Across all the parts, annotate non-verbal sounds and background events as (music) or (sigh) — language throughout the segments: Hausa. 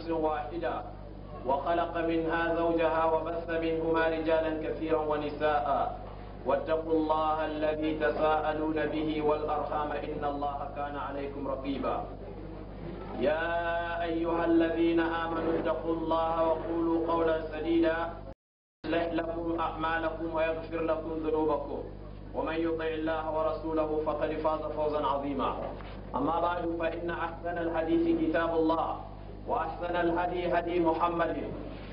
نفس واحدة وخلق منها زوجها وبث منهما رجالا كثيرا ونساء واتقوا الله الذي تساءلون به والأرحام إن الله كان عليكم رقيبا يا أيها الذين آمنوا اتقوا الله وقولوا قولا سديدا يصلح لكم أعمالكم ويغفر لكم ذنوبكم ومن يطع الله ورسوله فقد فاز فوزا عظيما أما بعد فإن أحسن الحديث كتاب الله وأحسن الهدي هدي محمد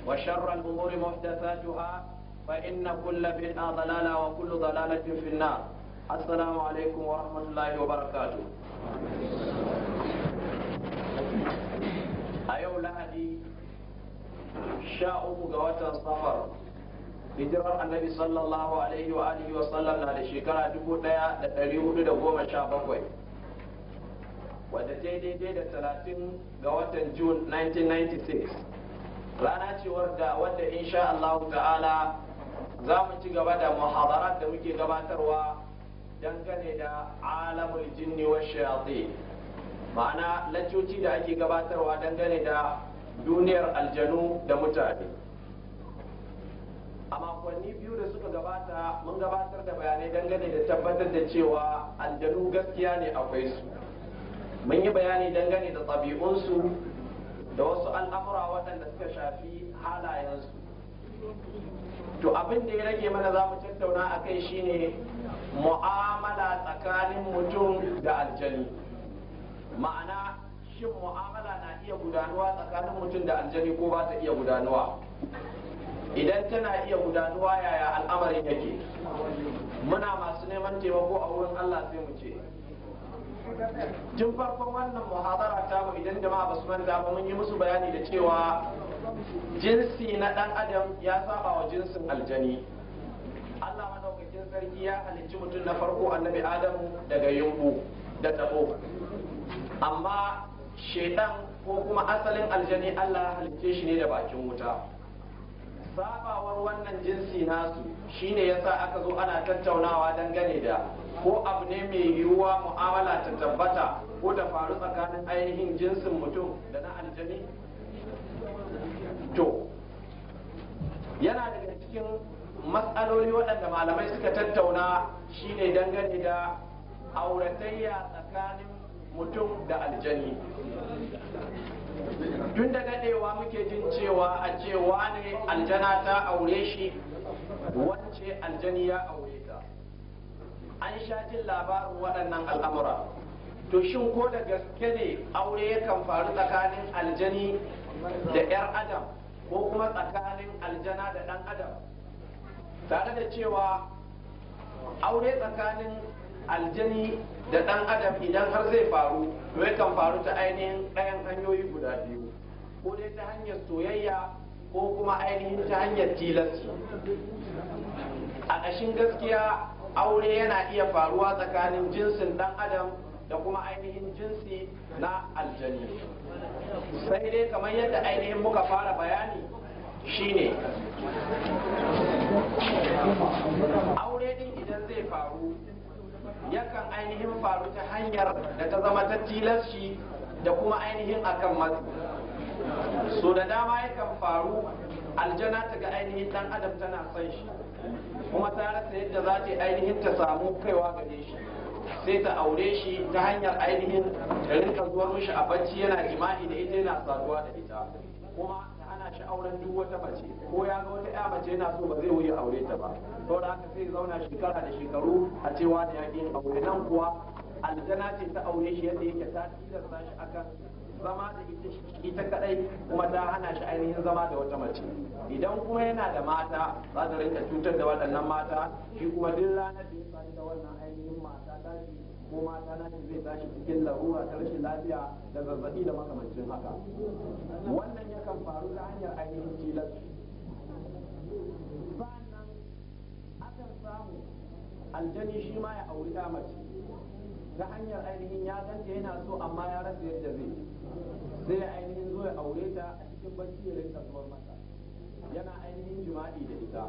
وشر الأمور محدثاتها فإن كل بدعة ضلالة وكل ضلالة في النار السلام عليكم ورحمة الله وبركاته أيوم لهدي شاء مقوات الصفر hijirar annabi sallallahu alaihi wa alihi wa sallam na da shekara 1417 wadda ta dai daidai da talatin ga watan june 1996 rana ce wadda wadda insha Allah ta'ala za mu ci gaba da muhadarar da muke gabatarwa dangane da alamul jinni wa shayati ma'ana laccoci da ake gabatarwa dangane da duniyar aljanu da mutane a makonni biyu da suka gabata mun gabatar da bayanai dangane da tabbatar da cewa aljanu gaskiya ne akwai su mun yi bayani dangane da ɗabi'unsu da wasu al'amura waɗanda suka shafi halayensu to abin da ya rage mana za mu tattauna a kai shine mu'amala tsakanin mutum da aljani ma'ana shin mu'amala na iya gudanuwa tsakanin mutum da aljani ko ba ta iya gudanuwa idan tana iya gudanuwa yaya al'amarin yake muna masu neman taimako a wurin allah sai mu ce tun farkon wannan muhabara ta mu idan jama'a ba su manta ba mun yi musu bayani da cewa jinsi na dan adam ya saba wa jinsin aljani Allah madaukakin sarki ya halicci mutum na farko annabi adam daga yumbu da tabo amma shaitan ko kuma asalin aljani Allah ya halicce shi ne da bakin wuta sabawar wannan jinsi nasu shine yasa aka zo ana tattaunawa dangane da ko abu ne mai yiwuwa mu'amala ta tabbata ko da faru tsakanin ainihin jinsin mutum da na aljani to yana daga cikin matsaloli waɗanda malamai suka tattauna shine dangane da auratayya tsakanin mutum da aljani tun da daɗewa muke jin cewa a cewa ne aljana ta aure shi wance aljani ya aure an sha jin labarin waɗannan al'amura to shin ko da gaske ne aure yakan faru tsakanin aljani da 'yar adam ko kuma tsakanin aljana da ɗan adam tare da cewa aure tsakanin aljani da ɗan adam idan har zai faru to yakan faru ta ainihin ɗayan hanyoyi guda biyu ko dai ta hanyar soyayya ko kuma ainihin ta hanyar tilasti a ƙashin gaskiya aure yana iya faruwa tsakanin jinsin dan adam da kuma ainihin jinsi na aljanni sai dai kamar yadda ainihin muka fara bayani shine aure din idan zai faru yakan ainihin faru ta hanyar da ta zama ta tilas shi da kuma ainihin akan masu so da dama yakan faru aljana ta ga ainihin dan adam tana son shi kuma ta rasa yadda za ta ainihin ta samu kaiwa gare shi sai ta aure shi ta hanyar ainihin da rinka zuwa mishi a bacci yana jima'i da ita yana saduwa da ita kuma ta hana shi auren duk wata mace ko ya ga wata ya mace yana so ba zai wuya aure ta ba saboda haka sai zauna shekara da shekaru a cewa da yaƙin aure nan kuwa aljana ce ta aure shi yadda yake ta tilasta shi akan zama da ita kadai kuma ta hana shi ainihin zama da wata mace idan kuma yana da mata za ta rinka cutar da waɗannan mata shi kuma duk ranar da ya faru da wannan ainihin mata tashi ko mata na zai tashi cikin larura ta rashin lafiya da zazzabi da makamancin haka wannan yakan faru ta hanyar ainihin tilas sannan akan samu aljani shi ma ya auri ta mace ta hanyar ainihin ya ganta yana so amma ya rasa yadda zai sai ainihin zo ya aure ta a cikin barci ya rinka zuwa mata yana ainihin jima'i da ita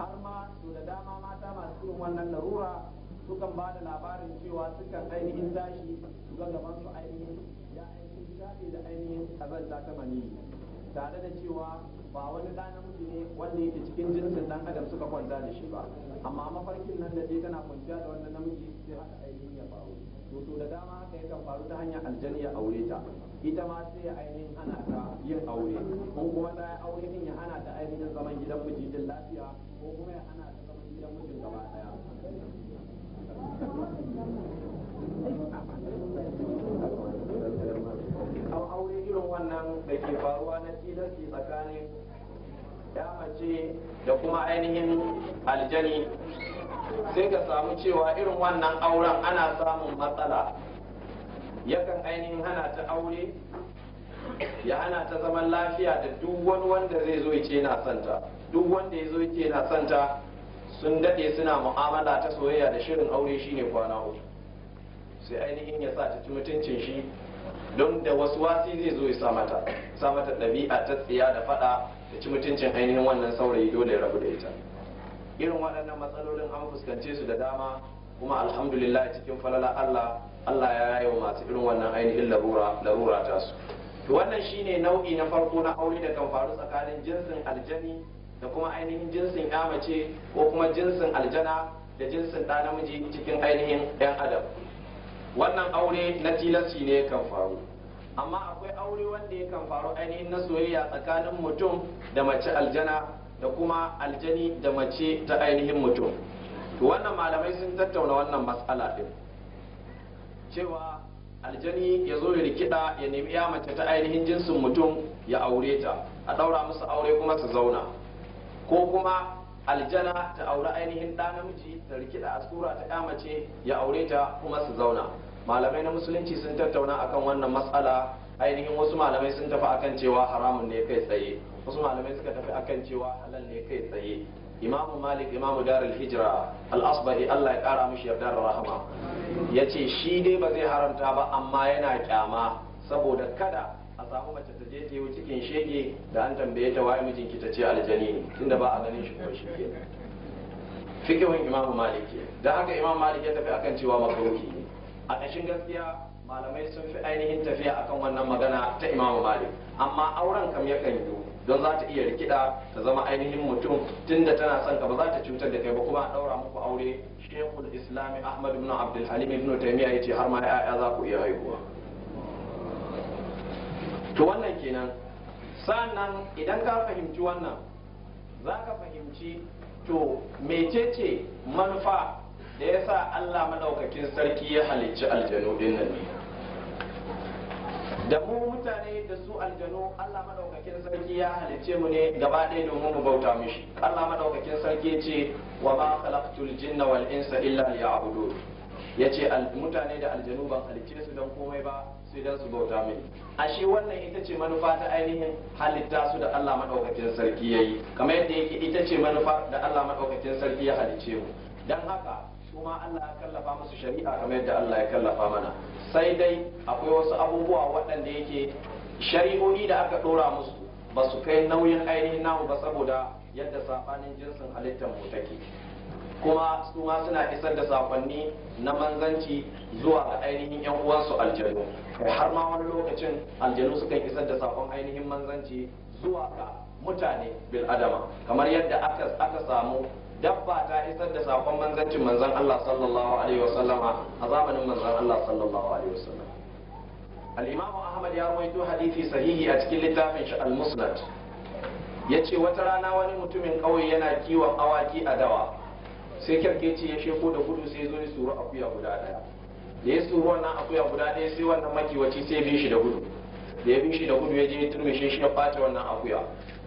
har ma to da dama mata masu irin wannan larura sukan ba da labarin cewa sukan ainihin tashi su ga gaban su ainihin ya ainihin shafe da ainihin kazanta ta maniyi tare da cewa ba wani ɗa namiji ne wanda yake cikin jinsin ɗan adam suka kwanta da shi ba amma mafarkin nan da dai tana kwanciya da wannan namiji sai haka ainihin ya faru to to da dama haka yakan faru ta hanyar aljani ya aure ta ita ma sai ainihin ana ta yin aure ko kuma ta aure din ya ana ta ainihin zaman gidan miji din lafiya ko kuma ya ana ta zaman gidan mijin gaba daya an aure irin wannan da ke faruwa na tilasti tsakanin ya mace da kuma ainihin aljani sai ka samu cewa irin wannan auren ana samun matsala yakan ainihin hana ta aure ya hana ta zaman lafiya da duk wani wanda zai zo ce na santa duk wanda ya zo ce na santa sun dade suna mu'amala ta soyayya da shirin aure shine kwana uku sai ainihin ya sa ta ci mutuncin shi don da wasu wasi zai zo ya samata samata dabi'a ɗabi'a ta tsiya da faɗa da ci mutuncin ainihin wannan saurayi dole ya rabu da ita irin waɗannan matsalolin an fuskance su da dama kuma alhamdulillah cikin falala Allah Allah ya yi wa masu irin wannan ainihin larura larura ta su to wannan shine nau'i na farko na aure da kan faru tsakanin jinsin aljani da kuma ainihin jinsin ya mace ko kuma jinsin aljana da jinsin ɗa namiji cikin ainihin ɗan adam wannan aure na tilasci ne kan faru amma akwai aure wanda ya kan faru ainihin na soyayya tsakanin mutum da mace aljana da kuma aljani da mace ta ainihin mutum to wannan malamai sun tattauna wannan matsala din cewa aljani ya zo ya rikida ya nemi ya mace ta ainihin jinsin mutum ya aure ta a daura musu aure kuma su zauna ko kuma aljana ta aure ainihin ɗa namiji ta rikida a tsura ta ya mace ya aure ta kuma su zauna malamai na musulunci sun tattauna akan wannan matsala ainihin wasu malamai sun tafi akan cewa haramun ne kai tsaye wasu malamai suka tafi akan cewa halal ne kai tsaye imamu malik imamu darul hijira al-asbahi Allah ya kara mishi yarda da rahama yace shi dai ba zai haramta ba amma yana kyama saboda kada a samu mace ta je ta cikin shege da an tambaye ta waye mijinki ta ce aljani ne ba a ganin shi kuma shi ke fikihun imamu malik da haka imamu malik ya tafi akan cewa makaruhi ne a ƙashin gaskiya malamai sun fi ainihin tafiya akan wannan magana ta imamu malik amma auren kam yakan yiwu don za ta iya rikida ta zama ainihin mutum tunda tana son ka ba za ta cutar da kai ba kuma a daura muku aure shekul islami ahmad ibn abdul halim ibn taymiya yace har ma ya'ya za ku iya haihuwa to wannan kenan sannan idan ka fahimci wannan za ka fahimci to mecece manufa da ya sa Allah madaukakin sarki ya halicci aljanu din ne da mu mutane da su aljanu Allah madaukakin sarki ya halicce mu ne gaba ɗaya domin mu bauta mishi Allah madaukakin sarki ce wa ma khalaqtul jinna wal insa illa ya ce mutane da aljanu ban halicce su dan komai ba sai dan su bauta mini shi wannan ita ce manufa ta ainihin halitta su da Allah madaukakin sarki yayi kamar yadda yake ita ce manufa da Allah madaukakin sarki ya halicce mu dan haka su Allah ya kallafa musu shari'a kamar yadda Allah ya kallafa mana sai dai akwai wasu abubuwa waɗanda yake shari'o'i da aka ɗora musu ba su kai nauyin ainihin namu ba saboda yadda safanin jinsin halittar mu take kuma su ma suna isar da sakonni na manzanci zuwa ga ainihin yan uwansu aljanu har ma wani lokacin aljanu suka isar da sakon ainihin manzanci zuwa ga mutane bil adama kamar yadda aka samu dabba ta isar da sakon manzancin manzan Allah sallallahu alaihi wa sallama. a zamanin manzan Allah sallallahu alaihi sallama al-imamu ahmad ya rawaito hadisi sahihi a cikin littafin shi al-musnad yace wata rana wani mutumin kauye yana kiwon awaki a dawa sai kirkeci ya sheko da gudu sai zo ya suru akuya guda daya da ya suru wannan akuya guda daya sai wannan makiwaci sai bi shi da gudu da ya bi shi da gudu ya je ya turmishe shi ya fata wannan akuya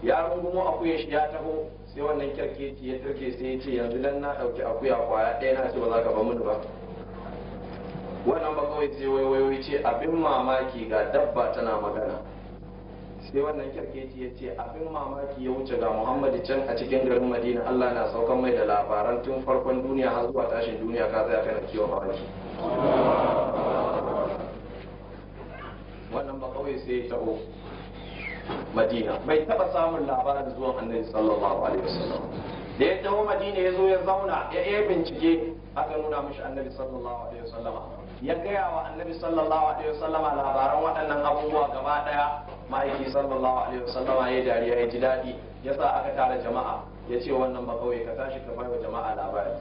ya rungumo akuya shi ya taho sai wannan kyarkeci ya turke sai ya ce yanzu nan na ɗauki akuya kwaya ɗaya na ce ba za ka ba mutu ba wannan ba kawai sai waiwaiwai ce abin mamaki ga dabba tana magana sai wannan kyarkeci ya ce abin mamaki ya wuce ga muhammadu can a cikin garin madina allah na saukan mai da labaran tun farkon duniya har zuwa tashin duniya ka tsaya kana kiwon mamaki wannan ba kawai sai ya taho madina bai taba samun labarin zuwan annabi sallallahu alaihi wasallam da ya tawo madina ya zo ya zauna ya yi bincike aka nuna mishi annabi sallallahu alaihi wasallam ya gaya wa annabi sallallahu alaihi wasallam labaran waɗannan abubuwa gaba daya ma'aiki sallallahu alaihi wasallam ya dariya ya ji daɗi ya sa aka tara jama'a ya ce wannan ba kawai ka tashi ka bai wa jama'a labari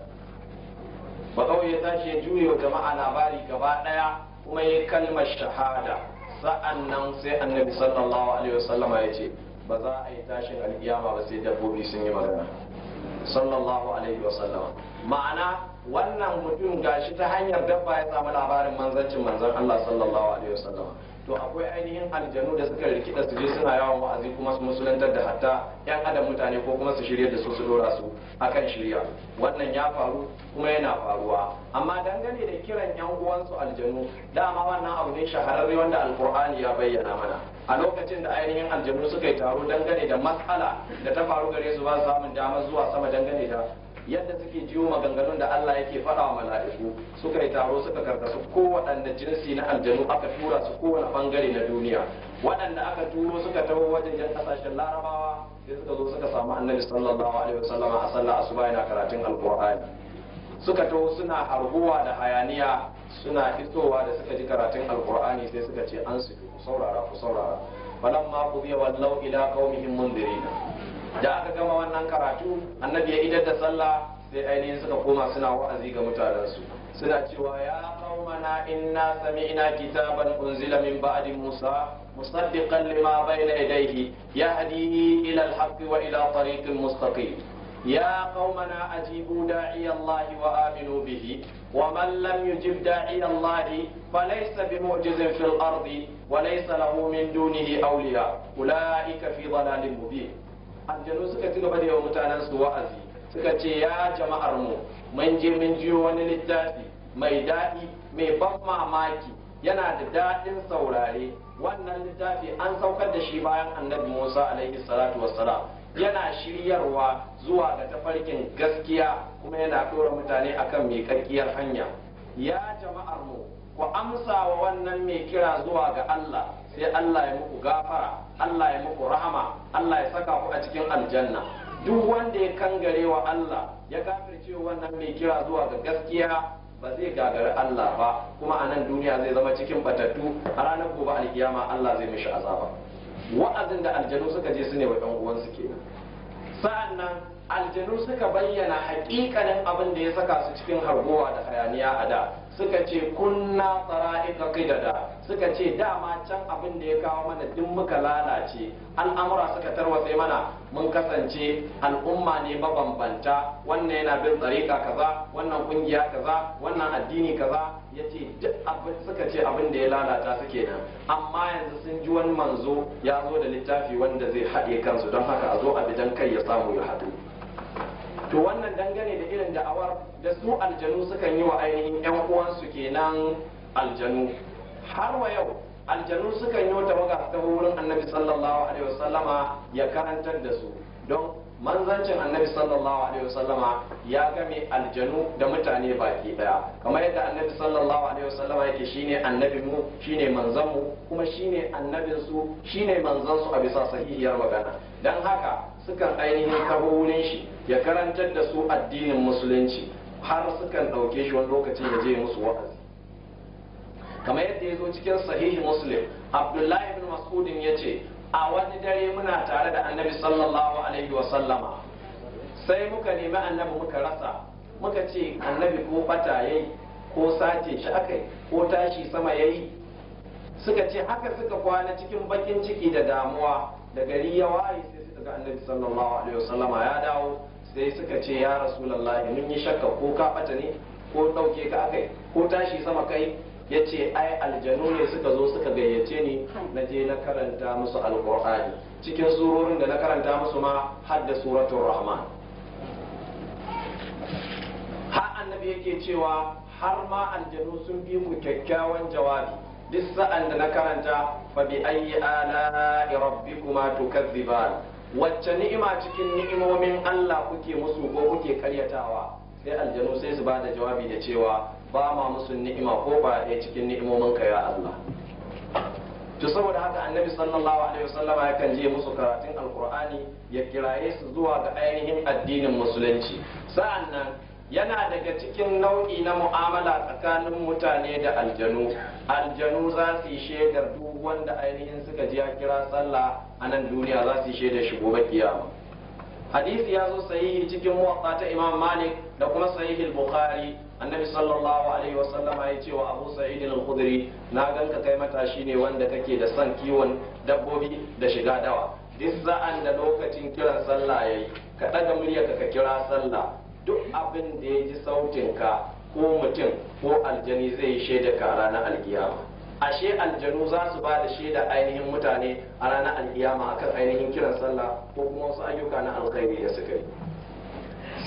ba kawai ya tashi ya juye wa jama'a labari gaba daya kuma ya kalmar shahada sa'an nan sai annabi sallallahu alaihi wasallam ya ce ba za a yi tashin alkiyama ba sai dabbobi sun yi magana sallallahu alaihi wasallam ma'ana wannan mutum gashi ta hanyar dabba ya samu labarin manzancin manzan Allah sallallahu alaihi wasallam to akwai ainihin aljanu da suka rikida su je suna yawan wa'azi kuma su musulantar da hatta yan adam mutane ko kuma su shirya da su su dora su akan shirya wannan ya faru kuma yana faruwa amma dangane da kiran yan uwansu aljanu dama wannan abu ne shahararre wanda alkur'ani ya bayyana mana a lokacin da ainihin aljanu suka yi taro dangane da matsala da ta faru gare su ba samun damar zuwa sama dangane da yadda suke jiwo maganganun da Allah yake faɗa wa mala'iku suka yi taro suka karkasu kowaɗanne jinsi na aljanu aka tura su kowane bangare na duniya waɗanda aka turo suka taho wajen kasashen larabawa sai suka zo suka samu annabi sallallahu alaihi wasallam a sallah asuba yana karatun alkur'ani suka taho suna harbuwa da hayaniya suna fitowa da suka ji karatun alkur'ani sai suka ce an su ku saurara ku saurara falamma biya wallau ila qaumihim mundirina da aka gama wannan karatu annabi ya idar da sallah sai ainihin suka koma suna wa'azi ga mutanen su suna cewa ya qaumana inna sami'na kitaban unzila min ba'di musa musaddiqan lima bayna yadayhi yahdi ila al-haqqi wa ila tariqin mustaqim يا قومنا أجيبوا داعي الله وآمنوا به ومن لم يجب داعي الله فليس بمعجز في الأرض وليس له من دونه أولياء أولئك في ضلال مبين aljanu suka ci gaba da yawan mutanen su wa'azi suka ce ya jama'ar mu mun je mun jiyo wani littafi mai daɗi mai ban mamaki yana da daɗin saurare wannan littafi an saukar da shi bayan annabi Musa alaihi salatu wassalam yana shiryarwa zuwa ga tafarkin gaskiya kuma yana ɗora mutane akan mai karkiyar hanya ya jama'ar mu ku amsa wa wannan mai kira zuwa ga Allah sai Allah ya muku gafara Allah ya muku rahama Allah ya saka ku a cikin aljanna duk wanda ya kangare wa Allah ya kafirce wannan mai kira zuwa ga gaskiya ba zai gagari Allah ba kuma a nan duniya zai zama cikin batattu a ranar gobe alkiyama Allah zai mishi azaba wa'azin da aljanu suka je su ne wa ɗan su kenan Sa'annan aljanu suka bayyana hakikanin abin da ya saka su cikin harbowa da hayaniya a da suka ce kunna tsara tsara'ika da suka ce dama can abin da ya kawo mana duk muka lalace al'amura suka tarwatse mana mun kasance al'umma ne mabambanta wannan yana bin tsarika kaza wannan kungiya kaza wannan addini kaza ya ce duk abin suka ce abin da ya lalata suke nan amma yanzu sun ji wani manzo ya zo da littafi wanda zai haɗe kansu don haka a zo a bidan kai ya samu ya haɗu to wannan dangane da irin da'awar da su aljanu sukan yi wa ainihin yan uwansu kenan aljanu har wa yau aljanu sukan yi wata ta wurin annabi sallallahu alaihi wasallama ya karantar da su don manzancin annabi sallallahu alaihi wasallama ya game aljanu da mutane baki daya kamar yadda annabi sallallahu alaihi wasallama yake shine annabi mu shine manzon mu kuma shine annabin su shine manzon su a bisa sahihiyar magana dan haka sukan ainihin taho wurin shi ya karantar da su addinin musulunci har sukan ɗauke shi wani lokacin da je musu wa'azi kamar yadda ya zo cikin sahihi muslim abdullahi bin mas'udin ya ce a wani dare muna tare da annabi sallallahu alaihi wa sallama sai muka nemi annabi muka rasa muka ce annabi ko bata yayi ko sace shi akai ko tashi sama yayi suka ce haka suka kwana cikin bakin ciki da damuwa da gari ya waye suka ga annabi sallallahu alaihi wasallam ya dawo sai suka ce ya rasulullahi mun yi shakka ko ka bata ne ko dauke ka akai ko tashi sama kai ya ce ai aljanu ne suka zo suka gayyace ni na je na karanta musu alqur'ani cikin surorin da na karanta musu ma har da suratul rahman har annabi yake cewa har ma aljanu sun bi mu kyakkyawan jawabi duk sa'an da na karanta fa bi ayyi ala rabbikuma tukazziban wacce ni'ima cikin ni'imomin Allah kuke musu ko kuke karyatawa sai aljanu sai su bada jawabi da cewa ba ma musu ni'ima ko ba ɗaya cikin ni'imomin ka ya Allah to saboda haka annabi sallallahu alaihi wasallam yakan je musu karatun alqur'ani ya kiraye su zuwa ga ainihin addinin musulunci sa'annan yana daga cikin nau'i na mu'amala tsakanin mutane da aljanu aljanu za su yi shaidar duk wanda ainihin suka ji ya kira sallah a nan duniya za su yi shaidar shi gobe kiyama hadisi ya zo sahihi cikin muwatta ta imam malik da kuma sahihil bukhari annabi sallallahu alaihi wasallam ya ce wa abu sa'id al-khudri na ganka kai matashi ne wanda kake da son kiwon dabbobi da shiga dawa duk sa'an da lokacin kiran sallah yayi ka daga muryarka ka kira sallah duk abin da ya ji sautinka ko mutum ko aljani zai yi shaida ka ranar alkiyama ashe aljanu za su ba da shaida ainihin mutane a ranar alkiyama akan ainihin kiran sallah ko kuma wasu ayyuka na alkhairi da suka yi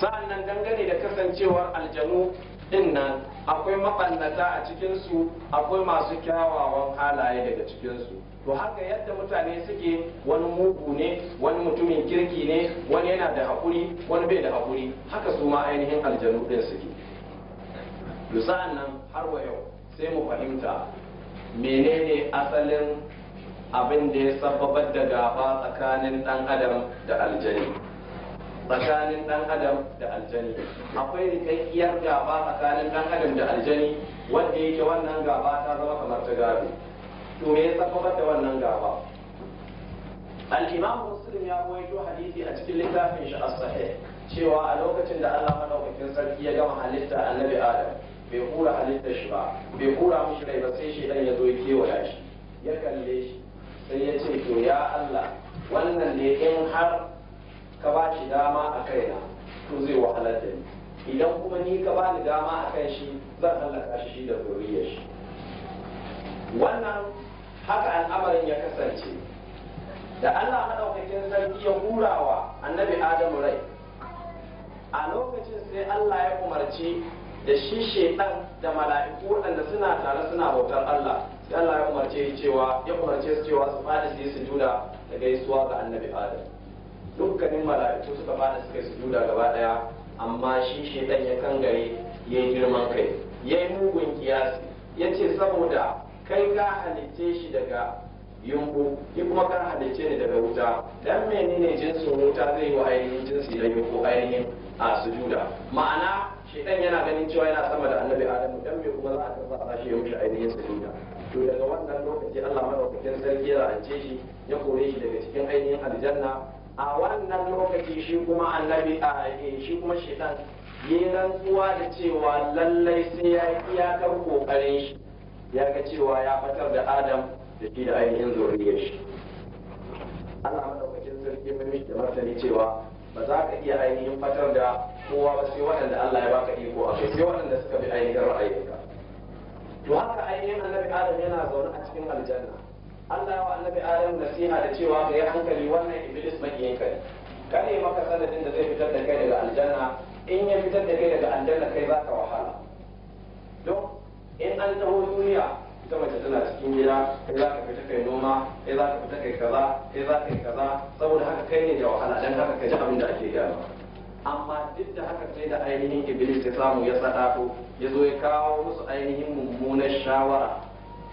sa'annan dangane da kasancewar aljanu din nan akwai maɓannata a cikinsu akwai masu kyawawan halaye daga cikinsu to haka yadda mutane suke wani mugu ne wani mutumin kirki ne wani yana da hakuri wani bai da hakuri haka su ma ainihin aljanu ɗin suke to nan har wa yau sai mu fahimta menene asalin abin da ya sababar da gaba tsakanin dan adam da aljani tsakanin dan adam da aljani akwai rikakkiyar gaba tsakanin ɗan adam da aljani wanda yake wannan gaba ta zama kamar ta gado to me ya tabbatar da wannan gaba al-imam muslim ya rawaito hadisi a cikin littafin shi as-sahih cewa a lokacin da Allah madaukakin sarki ya gama halitta annabi Adam bai kura halitta shi ba bai kura mishi rai ba sai shi dan ya zo ya kewaya shi ya kalle shi sai ya ce to ya Allah wannan ne in har ka ba shi dama a kaina to zai wahalar da ni idan kuma ni ka bani dama a kan shi zan hallaka shi shi da zuriyar shi wannan haka al'amarin ya kasance da Allah maɗaukakin sarki ya hurawa annabi Adamu rai a lokacin sai Allah ya umarci da shi shedan da mala'iku waɗanda suna tare suna bautar Allah sai Allah ya umarce cewa ya umarce su cewa su fada su yi sujuda da gaisuwa ga annabi Adam dukkanin mala'iku suka fada suka yi sujuda gaba daya amma shi shedan ya kangare ya yi girman kai ya yi mugun kiyasi ya ce saboda kai ka halicce shi daga yunku ki kuma ka halicce ne daga wuta dan menene jinsin wuta zai yi wa ainihin jinsi da yunku ainihin a sujuda ma'ana shedan yana ganin cewa yana sama da annabi adamu dan me kuma za a a shi ya mushi ainihin sujuda to daga wannan lokaci Allah wakilin sarki ya rance shi ya kore shi daga cikin ainihin aljanna a wannan lokaci shi kuma annabi a eh, shi kuma shedan yi rantsuwa da cewa lallai sai ya iyakar kokarin shi ya ga cewa ya fatar da adam da shi da ainihin zuriyar shi Allah madaukakin sarki mai mishi da martani cewa ba za ka iya ainihin fatar da kowa ba sai waɗanda Allah ya baka iko a kai sai waɗanda suka bi ainihin ra'ayinka to haka ainihin annabi adam yana zaune a cikin aljanna Allah wa annabi adam nasiha da cewa yi hankali wannan iblis makiyin kai kada yi maka sanadin da zai fitar da kai daga aljanna in ya fitar da kai daga aljanna kai za ka wahala in an taho duniya ita mace tana cikin gida kai za ka fita kai noma kai za ka fita kai kaza kai za ka yi kaza saboda haka kai ne da wahala dan haka ka ji abin da ake gano amma duk da haka sai da ainihin iblis ya samu ya sadako ya zo ya kawo musu ainihin mummunan shawara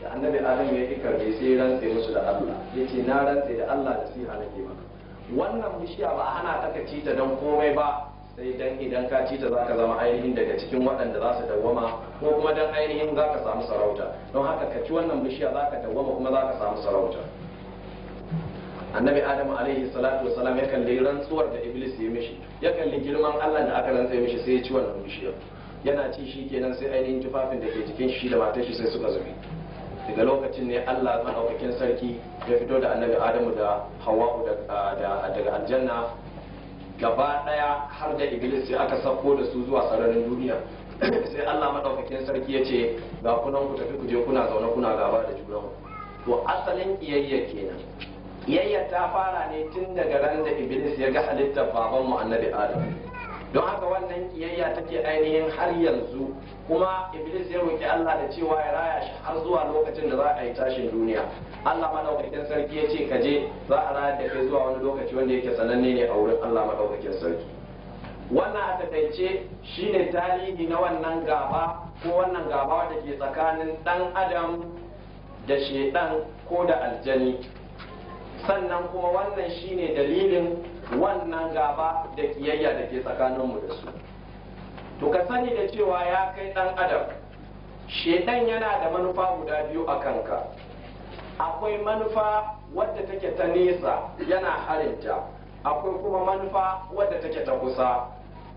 da annabi adam ya yi karbe sai ya rantse musu da Allah ce na rantse da Allah da siha nake maka wannan bishiya ba ana taka ta don komai ba sai dan idan ka ci ta zaka zama ainihin daga cikin waɗanda za su dawwama ko kuma dan ainihin zaka samu sarauta don haka ka ci wannan bishiya zaka dawwama kuma zaka samu sarauta annabi adamu alaihi salatu wasalam ya kalli rantsuwar da iblis ya mishi ya kalli girman allah da aka rantsa mishi sai ya ci wannan bishiyar yana ci shi kenan sai ainihin tufafin da ke jikin shi da matar shi sai suka zube daga lokacin ne allah maɗaukakin sarki ya fito da annabi adamu da hawa'u daga aljanna gaba daya har da iblis sai aka sauko da su zuwa sararin duniya (coughs) sai Allah madaukakin sarki ya ce ga kunan ku tafi ku je kuna zaune kuna gaba da juna to asalin kiyayya kenan kiyayya ta fara ne tun daga ran da iblis ya ga halittar baban mu annabi adam don haka wannan kiyayya take ainihin har yanzu kuma iblis ya roki Allah da cewa ya raya shi har zuwa lokacin da za a yi tashin duniya Allah madaukakin sarki ya ce ka je za a raya da kai zuwa wani lokaci wanda yake sananne ne a wurin Allah madaukakin sarki wannan a takaice shine tarihi na wannan gaba ko wannan gaba wanda ke tsakanin dan adam da shedan ko da aljani sannan kuma wannan shine dalilin wannan gaba da kiyayya da ke tsakanin mu da su to ka sani da cewa ya kai dan adam shedan yana da manufa guda biyu a kanka akwai manufa wadda take ta nesa yana harinta akwai kuma manufa wadda take ta kusa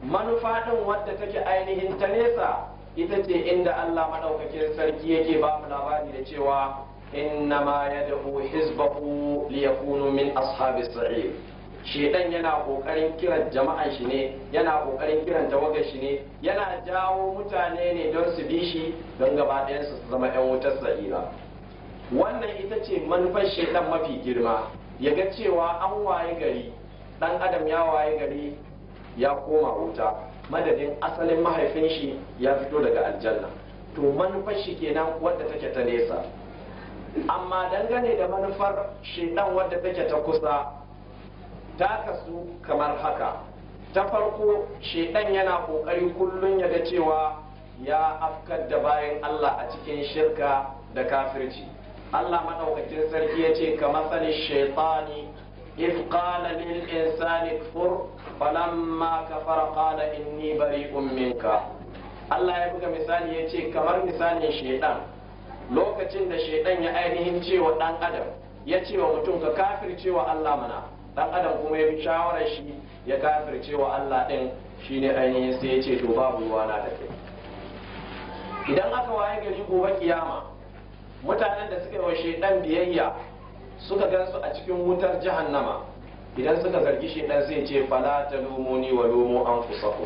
manufa din wadda take ainihin ta nesa ita ce inda Allah maɗaukakin sarki yake ba mu labari da cewa innama yad'u hizbahu liyakunu min ashabis sa'ir shedan yana kokarin kiran jama'an shi ne yana kokarin kiran tawagar shi ne yana jawo mutane ne don su bi shi don gaba ɗayan su zama yan wutar sa'ira wannan ita ce manufar shedan mafi girma ya ga cewa an waye gari dan adam ya waye gari ya koma wuta madadin asalin mahaifin shi ya fito daga aljanna to manufar shi kenan wadda take ta nesa amma dangane da manufar shedan wadda take ta kusa ta kasu kamar haka ta farko shedan yana kokari kullum ya ga cewa ya afkar da bayan Allah a cikin shirka da kafirci Allah maɗaukacin sarki ya ce ka masalin shaitani fur, قال ma ka fara كفر in ni bari umminka, Allah ya buga misali ya ce kamar misalin shaidan lokacin da shaidan ya ainihin cewa ɗan adam ya ce wa mutum ka kafir cewa Allah mana dan adam kuma ya bi shawarar shi ya kafirce wa Allah din shine ainihin sai ya ce to babu ruwa na da kai idan aka waye gari gobe kiyama mutanen da suka yi wa shaidan biyayya suka gansu a cikin wutar jahannama idan suka zargi shaidan sai ce fala ta lumuni wa lumu an fusako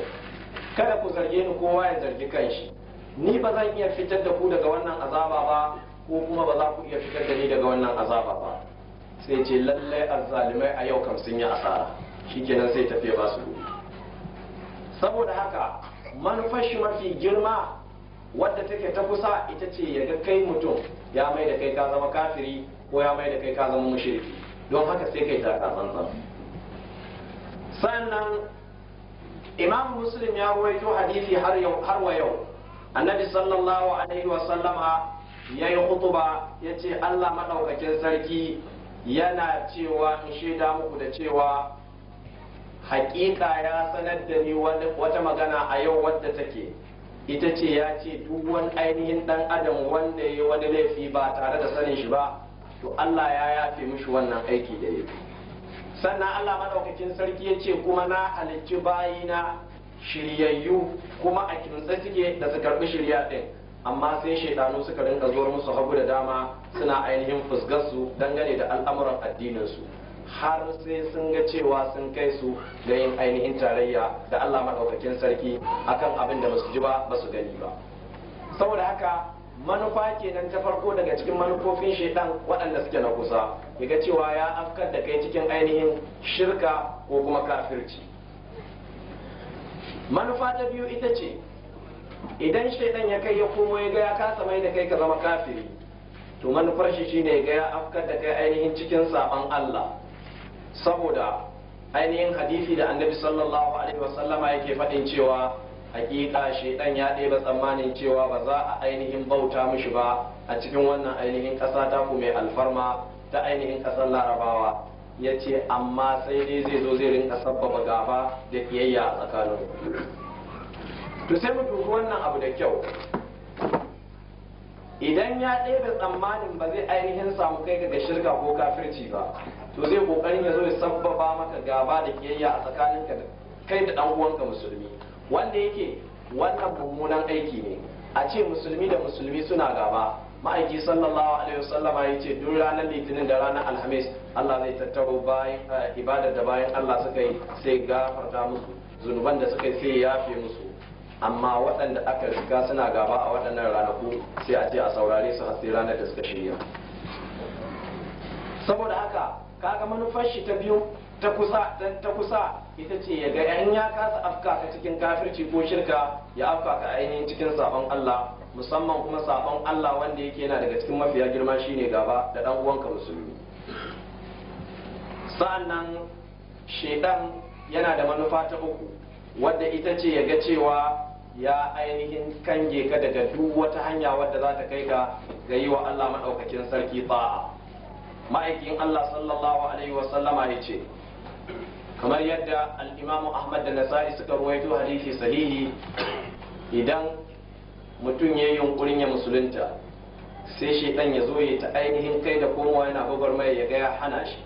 kada ku zarge ni kowa ya zargi kanshi ni ba zan iya fitar da ku daga wannan azaba ba ko kuma ba za ku iya fitar da ni daga wannan azaba ba sai ce lallai azzalimai a yau kam sun yi asara shikenan sai tafi ba su saboda haka manufar shi mafi girma wadda take ta kusa ita ce ya ga kai mutum ya mai da kai ka zama kafiri ko ya mai da kai ka zama mushriki don haka sai kai ta tsantsan sannan imam muslim ya ruwaito hadisi har yau har wa yau annabi sallallahu alaihi wa sallama yayi khutba yace Allah madaukakin sarki yana cewa in shaida muku da cewa haƙiƙa ya sanar da ni wata magana a yau wadda take ita ce ya ce duk wani ainihin ɗan adam wanda ya yi wani laifi ba tare da sanin shi ba to Allah ya yafe mishi wannan aiki da yake sannan Allah madaukakin sarki ya ce kuma na halicci bayina shiryayyu kuma a kimsa suke da su karbi shirya ɗin amma sai shaidanu suka rinka zuwar musu hagu da dama suna ainihin fusgarsu dangane da al'amuran addininsu har sai sun ga cewa sun kai su ga yin ainihin tarayya da Allah maɗaukakin sarki akan abin da basu ji ba basu gani ba saboda haka manufa kenan ta farko daga cikin manufofin shaidan waɗanda suke na kusa yaga cewa ya afkar da kai cikin ainihin shirka ko kuma kafirci manufa ta biyu ita ce idan shaidan ya kai ya komo ya ga ya kasa mai da kai ka zama kafiri to manufar shi shine ga ya afkar da kai ainihin cikin saban Allah saboda ainihin hadisi da annabi sallallahu alaihi wasallama yake faɗin cewa hakika shaidan ya ɗeba tsammanin cewa ba za a ainihin bauta mishi ba a cikin wannan ainihin ƙasa ta ku mai alfarma ta ainihin ƙasar larabawa ya ce amma sai dai zai zo zai rinka sabbaba gaba da ƙiyayya a tsakanin to sai mu dubi wannan abu da kyau idan ya ɗebe tsammanin ba zai ainihin samu kai ga shirka ko kafirci ba to zai kokarin ya zo ya sabbaba maka gaba da kiyayya a tsakanin ka kai da dan uwanka musulmi wanda yake wannan mummunan aiki ne a ce musulmi da musulmi suna gaba ma'aiki sallallahu alaihi wasallam ya ce duk ranar litinin da ranar alhamis Allah zai tattaro bayan eh, ibadar da bayan Allah suka yi sai gafarta musu zunuban da suka yi sai ya fi musu amma waɗanda aka riga suna gaba a waɗannan ranaku sai a ce a saurare su sai ranar da suka shirya saboda haka kaga manufar shi ta biyu ta kusa dan ta kusa ita ce ya ga yan ya kasa afka ka cikin kafirci ko shirka ya afka ka ainihin cikin sabon Allah musamman kuma sabon Allah wanda yake yana daga cikin mafiya girma shine gaba da dan uwanka musulmi sa'annan shedan yana da manufa ta uku wadda ita ce ya ga cewa ya ainihin kange ka daga duk wata hanya wadda za ta kai ka ga yi wa Allah maɗaukakin sarki ta'a. ma'aikin Allah sallallahu alaihi wa sallama ya ce kamar yadda al'imamu Ahmad da Nasa'i suka ruwaito hadisi sahihi idan mutum ya yi yunkurin ya musulunta sai shi ɗan ya zo ya ta ainihin kai da komowa yana gwagwarmaya ya gaya hana shi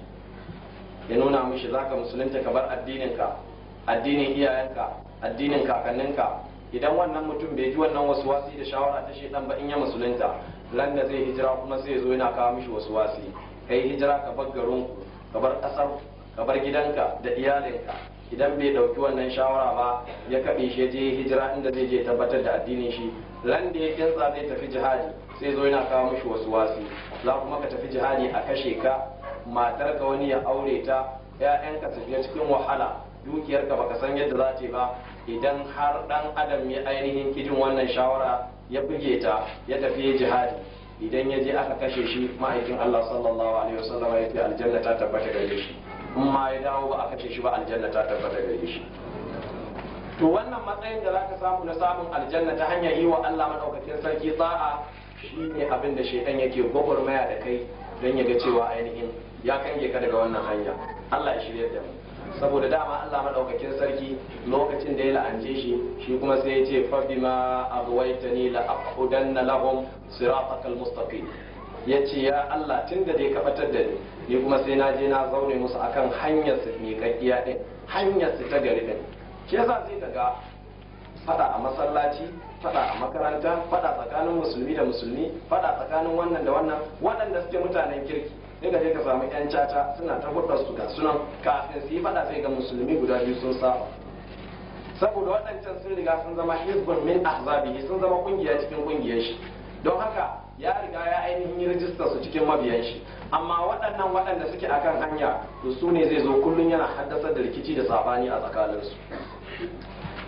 ya nuna mishi zaka musulunta ka bar addininka addinin iyayenka addinin kakanninka idan wannan mutum bai ji wannan wasu wasi da shawara ta shedan ba in ya musulunta landa da zai hijira kuma sai zo yana kawo mishi wasu wasi kai hijira ka bar garin ka bar kasar ka bar gidanka da iyalinka idan bai dauki wannan shawara ba ya kabe shi je hijira inda zai je tabbatar da addinin shi landa ya kinsa zai tafi jihadi sai zo yana kawo mishi wasu wasi za kuma ka tafi jihadi a kashe ka matarka wani ya aure ta 'ya'yanka tafiya cikin wahala dukiyarka baka san yadda za ta yi ba idan har dan adam ya ainihin kijin wannan shawara ya buge ta ya tafi jihadi idan ya je aka kashe shi ma'aikin Allah sallallahu alaihi wasallam ya ce aljanna ta tabbata gare shi in ma ya dawo ba a kashe shi ba aljanna ta tabbata gare shi to wannan matsayin da zaka samu na samun aljanna ta hanyar yi wa Allah madaukakin sarki tsa'a shine abin da shaytan yake gwagwarmaya da kai dan ya ga cewa ainihin ya kange ka daga wannan hanya Allah ya shirye da mu saboda dama Allah madaukakin sarki lokacin da ya la'ance shi shi kuma sai ya ce fa bima aghwaytani la aqudanna lahum siratakal mustaqim yace ya Allah tunda dai ka batar da ni ni kuma sai na je na zaune musu akan hanyar su kakkiya din hanyar su ta gari din ke yasa sai daga fada a masallaci fada a makaranta fada tsakanin musulmi da musulmi fada tsakanin wannan da wannan waɗanda suke mutanen kirki sai ka je ka samu yan caca suna ta hudar su ga sunan kafin su yi fada sai ga musulmi guda biyu sun saba saboda waɗancan sun riga sun zama hizbun min ahzabihi sun zama kungiya cikin kungiyar shi don haka ya riga ya ainihin yi rajistar su cikin mabiyan shi amma waɗannan waɗanda suke a kan hanya to su ne zai zo kullum yana haddasa da rikici da sabani a tsakaninsu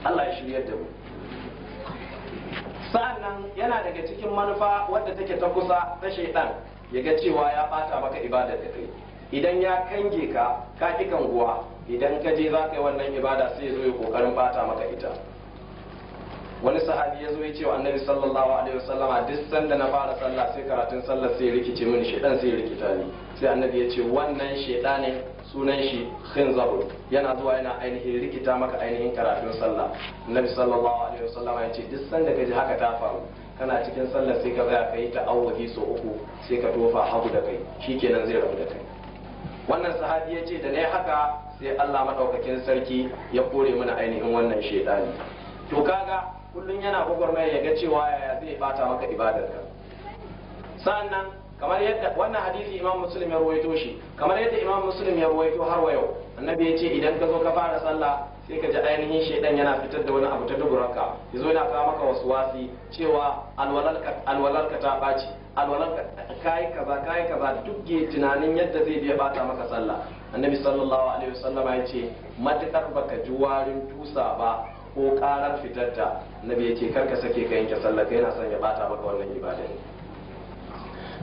Allah ya shiryar da mu nan yana daga cikin manufa wadda take ta kusa ta shaidan ya ga cewa ya bata maka ibada da kai idan ya kange ka ka ki kanguwa idan ka je za ka yi wannan ibada sai zo ya kokarin bata maka ita wani sahabi ya zo ya ce wa annabi sallallahu alaihi wasallama duk sanda na fara sallah sai karatun sallah sai rikice mini shedan sai rikita ni sai annabi ya ce wannan ne sunan shi khinzabur yana zuwa yana ainihin rikita maka ainihin karatun sallah annabi sallallahu alaihi wasallama ya ce duk sanda ka ji haka ta faru kana cikin sallar sai ka tsaya ka yi ta'awwadi so uku sai ka tofa hagu da kai shi shikenan zai rabu da kai wannan sahabi ya ce da na haka sai Allah madaukakin sarki ya kore mana ainihin wannan shaidani to kaga kullum yana gwagwarmaya ya ga cewa yaya zai bata maka ibadarka sannan kamar yadda wannan hadisi imam muslim ya ruwaito shi kamar yadda imam muslim ya ruwaito har wa yau annabi ya ce idan ka zo ka fara sallah sai ka ji ainihin shaidan yana fitar da wani abu ta duburanka ya zo yana kawo maka wasu wasi cewa alwalarka ta ɓaci alwalarka kayi kaza kayi kaza duk tunanin yadda zai biya bata maka sallah annabi sallallahu alaihi wasallama ya ce matukar baka ji warin tusa ba ko karar fitar da annabi ya ce kar ka sake ka yanke sallah kai yana son ya bata maka wannan ibadan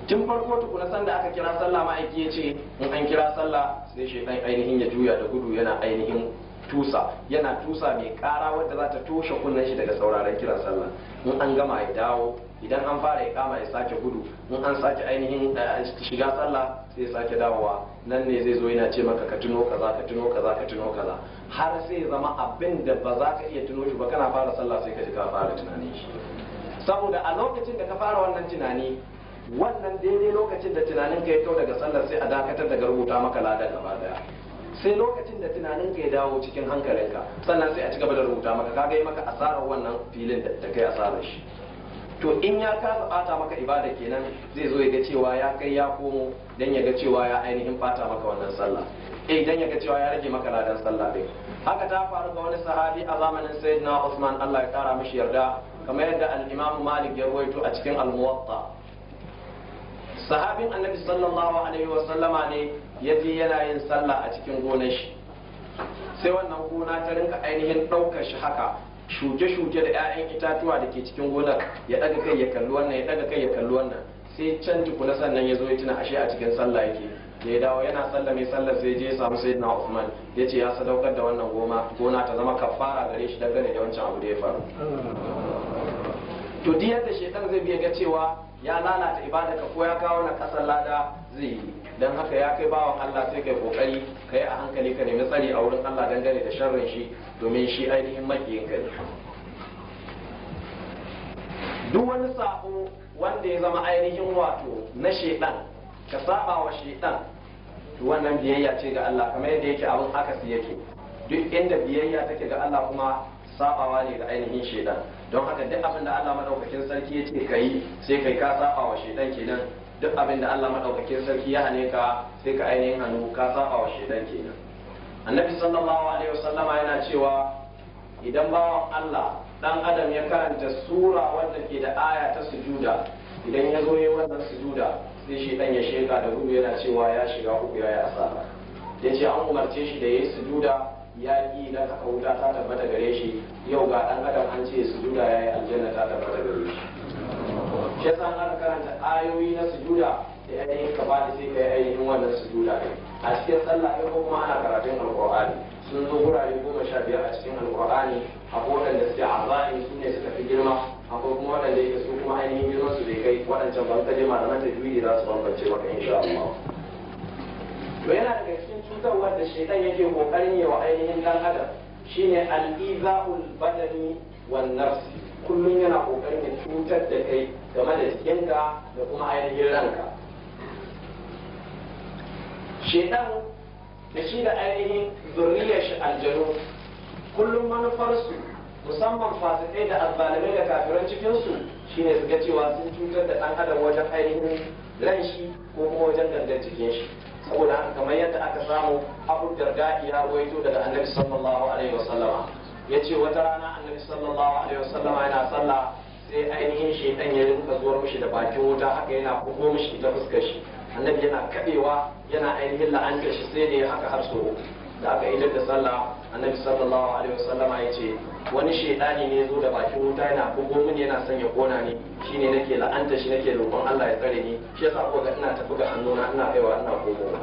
tun farko tukuna sanda aka kira sallah ma'aiki ya ce in an kira sallah sai shaidan ainihin ya juya da gudu yana ainihin tusa yana tusa mai kara wadda za ta toshe kunnen shi daga sauraron kiran sallah in an gama ya dawo idan an fara ya kama ya sake gudu in an sake ainihin eh, shiga sallah sai ya sake dawowa nan ne zai zo yana ce maka ka tuno kaza ka tuno kaza ka tuno kaza har sai zama abin da ba za ka iya tuno shi ba kana fara sallah sai ka ji ka fara tunanin shi saboda a lokacin da ka fara wannan tunani wannan daidai lokacin da tunanin ka ya kau daga sallar sai a dakatar daga rubuta maka ladar gaba daya sai lokacin da tunanin ka ya dawo cikin hankalinka sannan sai a ci gaba da rubuta maka kaga yi maka asarar wannan filin da ta kai asarar shi to in ya kasa bata maka ibada kenan zai zo ya ga cewa ya kai ya komo dan ya ga cewa ya ainihin bata maka wannan sallah eh dan ya ga cewa ya rage maka ladan sallah din haka ta faru ga wani sahabi a zamanin sayyidina Usman Allah ya kara mishi yarda kamar yadda al-Imam Malik ya ruwaito a cikin al-Muwatta sahabin annabi sallallahu alaihi wa sallama ne ya je yana yin sallah a cikin gonar shi sai wannan gona ta rinka ainihin ɗaukar shi haka shuke-shuke da 'ya'yan itatuwa da ke cikin gonar ya ɗaga kai ya kalli wannan ya ɗaga kai ya kalli wannan sai can tukuna sannan ya zo ya tuna ashe a cikin sallah yake da ya dawo yana sallah sallar sallah sai je ya samu sayyidina Usman ya ce ya sadaukar da wannan goma gona ta zama kafara gare shi dangane da wancan abu da ya faru hmm. to diyar da shaitan zai biya ga cewa ya lalata ibada ka ko ya kawo na kasar lada zai yi don haka ya kai bawan Allah sai kai kokari yi a hankali ka nemi tsari a wurin Allah dangane da sharrin shi domin shi ainihin makiyin gari. duk wani sako wanda ya zama ainihin wato na shedan ka saba wa shedan to wannan biyayya ce ga Allah kamar yadda yake abin akasi yake duk inda biyayya take ga Allah kuma sabawa ne ga ainihin shedan don haka duk abin da Allah madaukakin sarki ya ce ka yi sai kai ka saba wa shedan kenan duk abin da Allah madaukakin sarki ya hane ka sai ka ainihin hannu ka saba wa shedan kenan annabi sallallahu alaihi wasallama yana cewa idan bawan Allah dan adam ya karanta sura wanda ke da aya ta sujuda idan ya zo yi wannan sujuda sai shi dan ya sheka da ruhu yana cewa ya shiga uku ya yi asara ya ce an umarce shi da ya yi sujuda ya ki dan haka wuta ta tabbata gare shi yau ga dan adam an ce sujuda yayi aljanna ta tabbata gare shi shi yasa an karanta ayoyi na sujuda da ya ka ba da sai kai ainihin wannan sujuda ne a cikin sallah ko kuma ana karatun alqur'ani sun zo gurare goma sha biyar a cikin alqur'ani akwai waɗanda suke arzani su ne suka fi girma akwai kuma waɗanda yake su kuma ainihin girman su bai kai waɗancan ban kaje malaman tajwidi za su bambance maka insha Allah to yana daga cikin cutarwar wanda shaitan yake kokarin yi wa ainihin dan adam shine al-iza'ul badani wan nafsi kullum yana kokarin ya cutar da kai game da jikinka da kuma ainihin ranka shaitan da shi da ainihin zurriyar shi aljanu kullum manufarsu musamman fasikai da azzalumai da kafiran cikinsu shine su cewa sun cutar da ɗan adam wajen ainihin ranshi ko kuma wajen gangan shi saboda haka kamar yadda aka samu abu darda ya ruwaito daga annabi sallallahu alaihi wa sallama ya ce wata rana annabi sallallahu alaihi wa sallama yana sallah sai ainihin shaitan ya rinka zuwar mishi da bakin wuta haka yana bugo mishi ta fuskar shi annabi yana kaɓewa yana ainihin la'antar shi sai da ya haka har so da aka yi da sallah annabi sallallahu alaihi wasallam ya ce wani shaidani ne zo da bakin wuta yana bugo mini yana son ya kona ni shine nake la'anta shi nake roƙon Allah ya tsare ni shi yasa ko ga ina tafi ga hannuna ina kaiwa ina komowa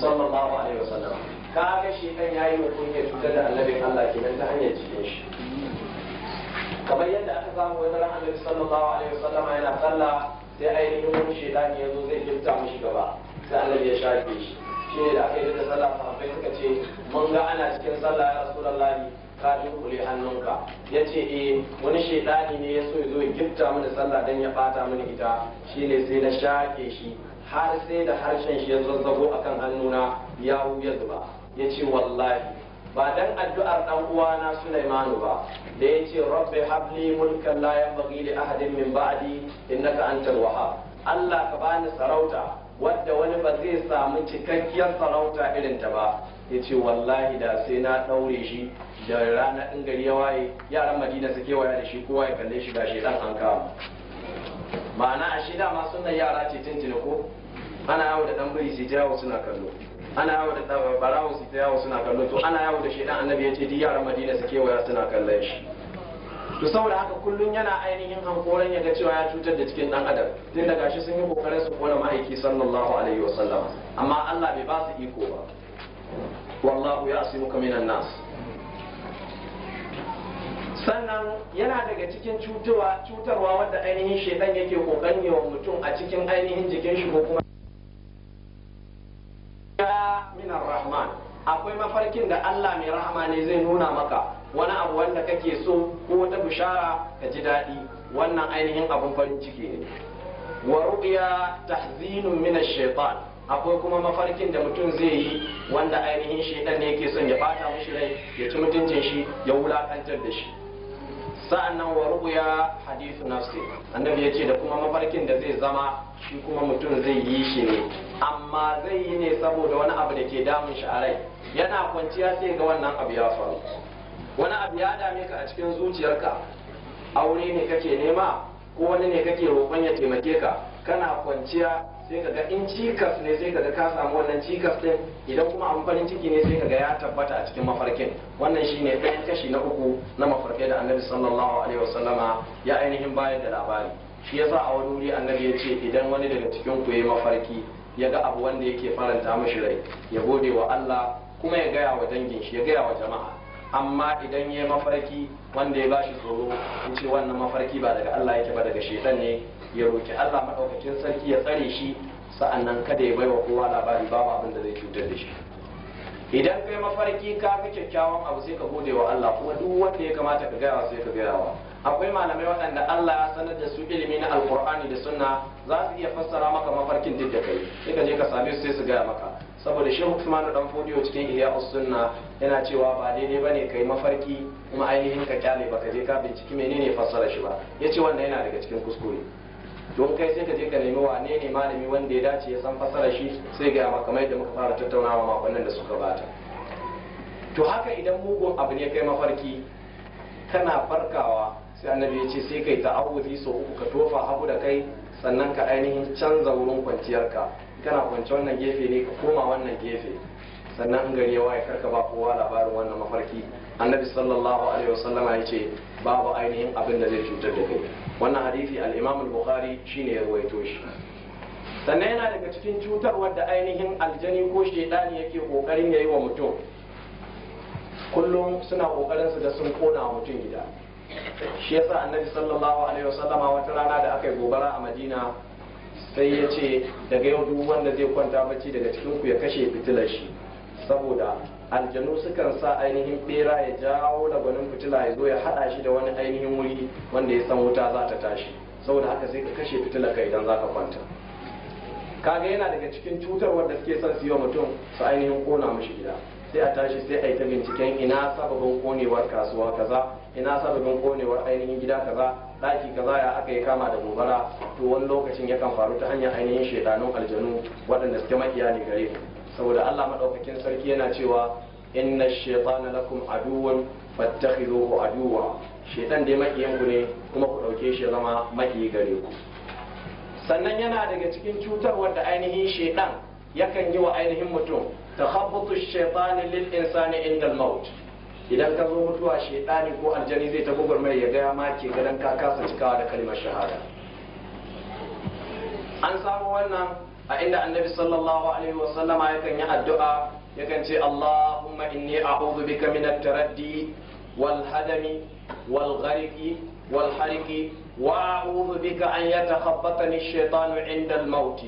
sallallahu alaihi wasallam ka ga shi dan yayi wa kunya cutar da annabi Allah kenan ta hanyar cikin shi kamar yadda aka samu wani ran annabi sallallahu alaihi wasallam yana sallah sai ainihin wani shaidani ya zo zai kirta mishi gaba sai annabi ya shafe shi shi ne da aka yi da sallah sahabbai suka ce mun ga ana cikin sallah ya rasu rasulullahi ka dunkule hannunka ya ce eh wani shaidani ne ya so ya zo ya gifta mini sallah dan ya bata mini ita shi ne sai na shaƙe shi har sai da harshen shi ya zazzago kan hannuna ya ya zuba ya ce wallahi ba dan addu'ar dan uwana Sulaimanu ba da ya ce rabbi habli mulkan la yanbaghi li ahadin min ba'di innaka antal wahhab Allah ka bani sarauta wadda wani ba zai samu cikakkiyar sarauta irin ta ba ya ce wallahi da sai na ɗaure shi da rana in gari ya waye yaran madina su kewaya da shi kowa ya kalle shi ga dan an kama ma'ana a shi dama sunan yara ce tuntuni ko ana yawo da dan biri su ta yawo suna kallo ana yawo da barawo su ta yawo suna kallo to ana yawo da shi dan annabi ya ce duk yaran madina su kewaya suna kallon shi to saboda haka kullum yana ainihin hankoran ya ga cewa ya cutar da cikin dan adam tun da gashi sun yi kokarin su kona ma'aiki sallallahu alaihi sallam amma Allah bai ba su iko ba wallahu ya asimuka minan nas sannan yana daga cikin cutarwa cutarwa wadda ainihin shedan yake kokarin yawan mutum a cikin ainihin jikin shi ko kuma minar rahman akwai mafarkin da Allah mai rahama ne zai nuna maka wani abu wanda kake so ko wata bishara ka ji daɗi wannan ainihin abin farin ciki ne wa ru'ya tahzinun min ash-shaytan akwai kuma mafarkin da mutum zai yi wanda ainihin shaitan ne yake son ya bata mishi rai ya ci mutuncin shi ya wulakantar da shi sa'annan wa ru'ya hadithu nafsi annabi ce da kuma mafarkin da zai zama shi kuma mutum zai yi shi ne amma zai yi ne saboda wani abu da ke damun shi a rai yana kwanciya sai ga wannan abu ya faru wani abu ya dame ka a cikin zuciyarka aure ne kake nema ko wani ne kake roƙon ya taimake ka kana kwanciya sai ka ga in cikas ne sai ka ga ka samu wannan cikas ɗin idan kuma an farin ciki ne sai ka ga ya tabbata a cikin mafarkin wannan shi ne ɗayan kashi na uku na mafarkai da annabi sallallahu alaihi wasallama ya ainihin bayar da labari shi ya sa a wani wuri annabi ya ce idan wani daga cikin ku ya mafarki ya ga abu wanda yake faranta mashi rai ya gode wa Allah kuma ya gaya wa dangin shi ya gaya wa jama'a amma idan ya mafarki wanda ya bashi tsoro in ce wannan mafarki ba daga Allah yake ba daga shaitan ne ya roki Allah madaukakin sarki ya tsare shi sa'annan kada ya bai wa kowa labari babu abin da zai cutar da shi idan kai mafarki ka fi kyakkyawan abu sai ka gode wa Allah kuma duk wanda ya kamata ka gaya sai ka gaya wa akwai malamai waɗanda Allah ya sanar da su ilimi na alkur'ani da sunna za su iya fassara maka mafarkin duk da kai sai ka je ka same su sai su gaya maka saboda shehu Usman dan fodiyo cikin ihya sunna yana cewa ba daidai bane kai mafarki kuma ainihin ka kyale ka je ka binciki menene fassara shi ba ya ce wannan yana daga cikin kuskure don kai sai ka je ka nemi wane ne malami wanda ya dace ya san fassara shi sai gaya maka mai da muka fara tattaunawa makonnin da suka bata to haka idan mugun abu ne kai mafarki kana farkawa sai annabi ya ce sai kai ta'awudi so uku ka tofa hagu da kai sannan ka ainihin canza wurin kwanciyarka kana kwanci wannan gefe ne ka koma wannan gefe sannan in gari ya karka ba kowa labarin wannan mafarki annabi sallallahu alaihi wasallam ya ce babu ainihin abin da zai cutar da kai wannan hadisi al-imam al-bukhari shine ya rawaito shi sannan yana daga cikin cutarwar da ainihin aljani ko shedani yake kokarin yayi wa mutum kullum suna kokarin su da sun kona mutum gida shi yasa annabi sallallahu alaihi wasallama wata rana da aka yi gobara a madina sai ya ce daga yau duk wanda zai kwanta bacci daga cikin ku ya kashe fitilar shi saboda aljanu sukan sa ainihin bera ya jawo da gwanin fitila ya zo ya hada shi da wani ainihin wuri wanda ya san wuta za ta tashi saboda haka sai ka kashe fitilar ka idan za ka kwanta kaga yana daga cikin cutarwar wanda suke son siyo mutum su ainihin kona mashi gida sai a tashi sai a yi ta binciken ina sababin konewar kasuwa kaza ina sababin konewar ainihin gida kaza daki kaza ya aka yi kama da gobara to wani lokacin ya kan faru ta hanyar ainihin shaidanun aljanu waɗanda suke makiya ne gare saboda Allah maɗaukakin sarki yana cewa inna shaytana lakum aduwwan a aduwa shaitan dai makiyan ku ne kuma ku ɗauke shi zama maki gare ku sannan yana daga cikin cutar wanda ainihin shaitan yakan yi wa ainihin mutum تخبط الشيطان للإنسان عند الموت إذا كذبوا متوا شيطان يقوى الجنة زي تقول مي يجا ما تي كذا كاكاس تكاد كلمة شهادة أن سامو ونا النبي صلى الله عليه وسلم أي كان يدعى يكن شيء اللهم إني أعوذ بك من التردي والهدم والغرق والحرق وأعوذ بك أن يتخبطني الشيطان عند الموت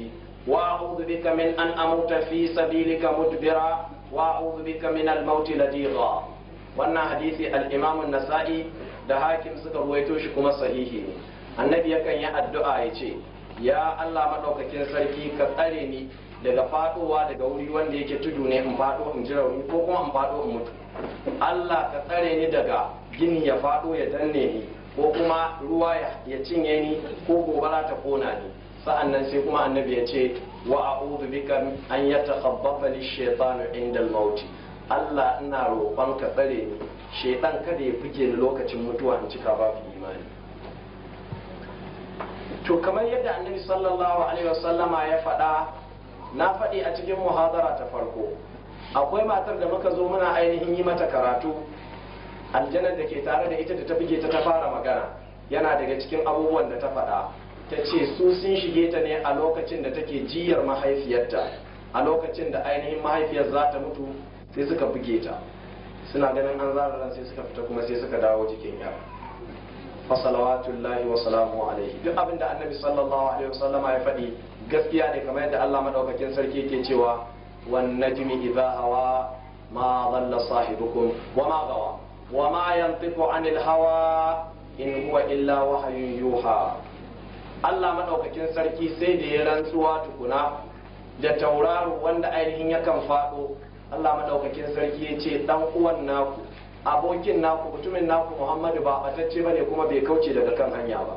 وأعوذ بك من أن أموت في سبيلك مدبرا وأعوذ بك من الموت لديغا wannan hadisi al-imam nasai da hakim suka ruwaito shi kuma sahihi annabi yakan yi addu'a ya ce ya Allah madaukakin sarki ka tsare ni daga fadowa daga wuri wanda yake tudu ne in fado in ji rauni ko kuma in fado in mutu Allah ka tsare ni daga gini ya fado ya danne ni ko kuma ruwa ya cinye ni ko gobara ta kona ni sa'an nan sai kuma annabi ya ce wa a'udhu bika an yatakhabbafa ni shaytanu inda mauti Allah ina roƙon ka tsare ni shaytan kada ya fige ni lokacin mutuwa in cika babu imani to kamar yadda annabi sallallahu alaihi wasallama ya faɗa na faɗi a cikin muhazara ta farko akwai matar da muka zo muna ainihin yi mata karatu aljanar da ke tare da ita da ta buge ta ta fara magana yana daga cikin abubuwan da ta faɗa ta ce su sun shige ta ne a lokacin da take jiyar mahaifiyarta a lokacin da ainihin mahaifiyar za ta mutu sai suka buge ta suna ganin an zara ran sai suka fita kuma sai suka dawo jikin yar fa salawatullahi wa salamu alaihi duk abin da annabi sallallahu alaihi wasallama ya faɗi gaskiya ne kamar yadda Allah madaukakin sarki yake cewa wan najmi idha hawa ma dhalla sahibukum wa ma gawa wa ma yantiqu anil hawa in huwa illa wahyun yuha Allah maɗaukakin sarki sai da ya rantsuwa tukuna da tauraro wanda ainihin yakan faɗo Allah maɗaukakin sarki ya ce ɗan uwan naku abokin naku mutumin naku Muhammadu ba batacce bane kuma bai kauce daga kan hanya ba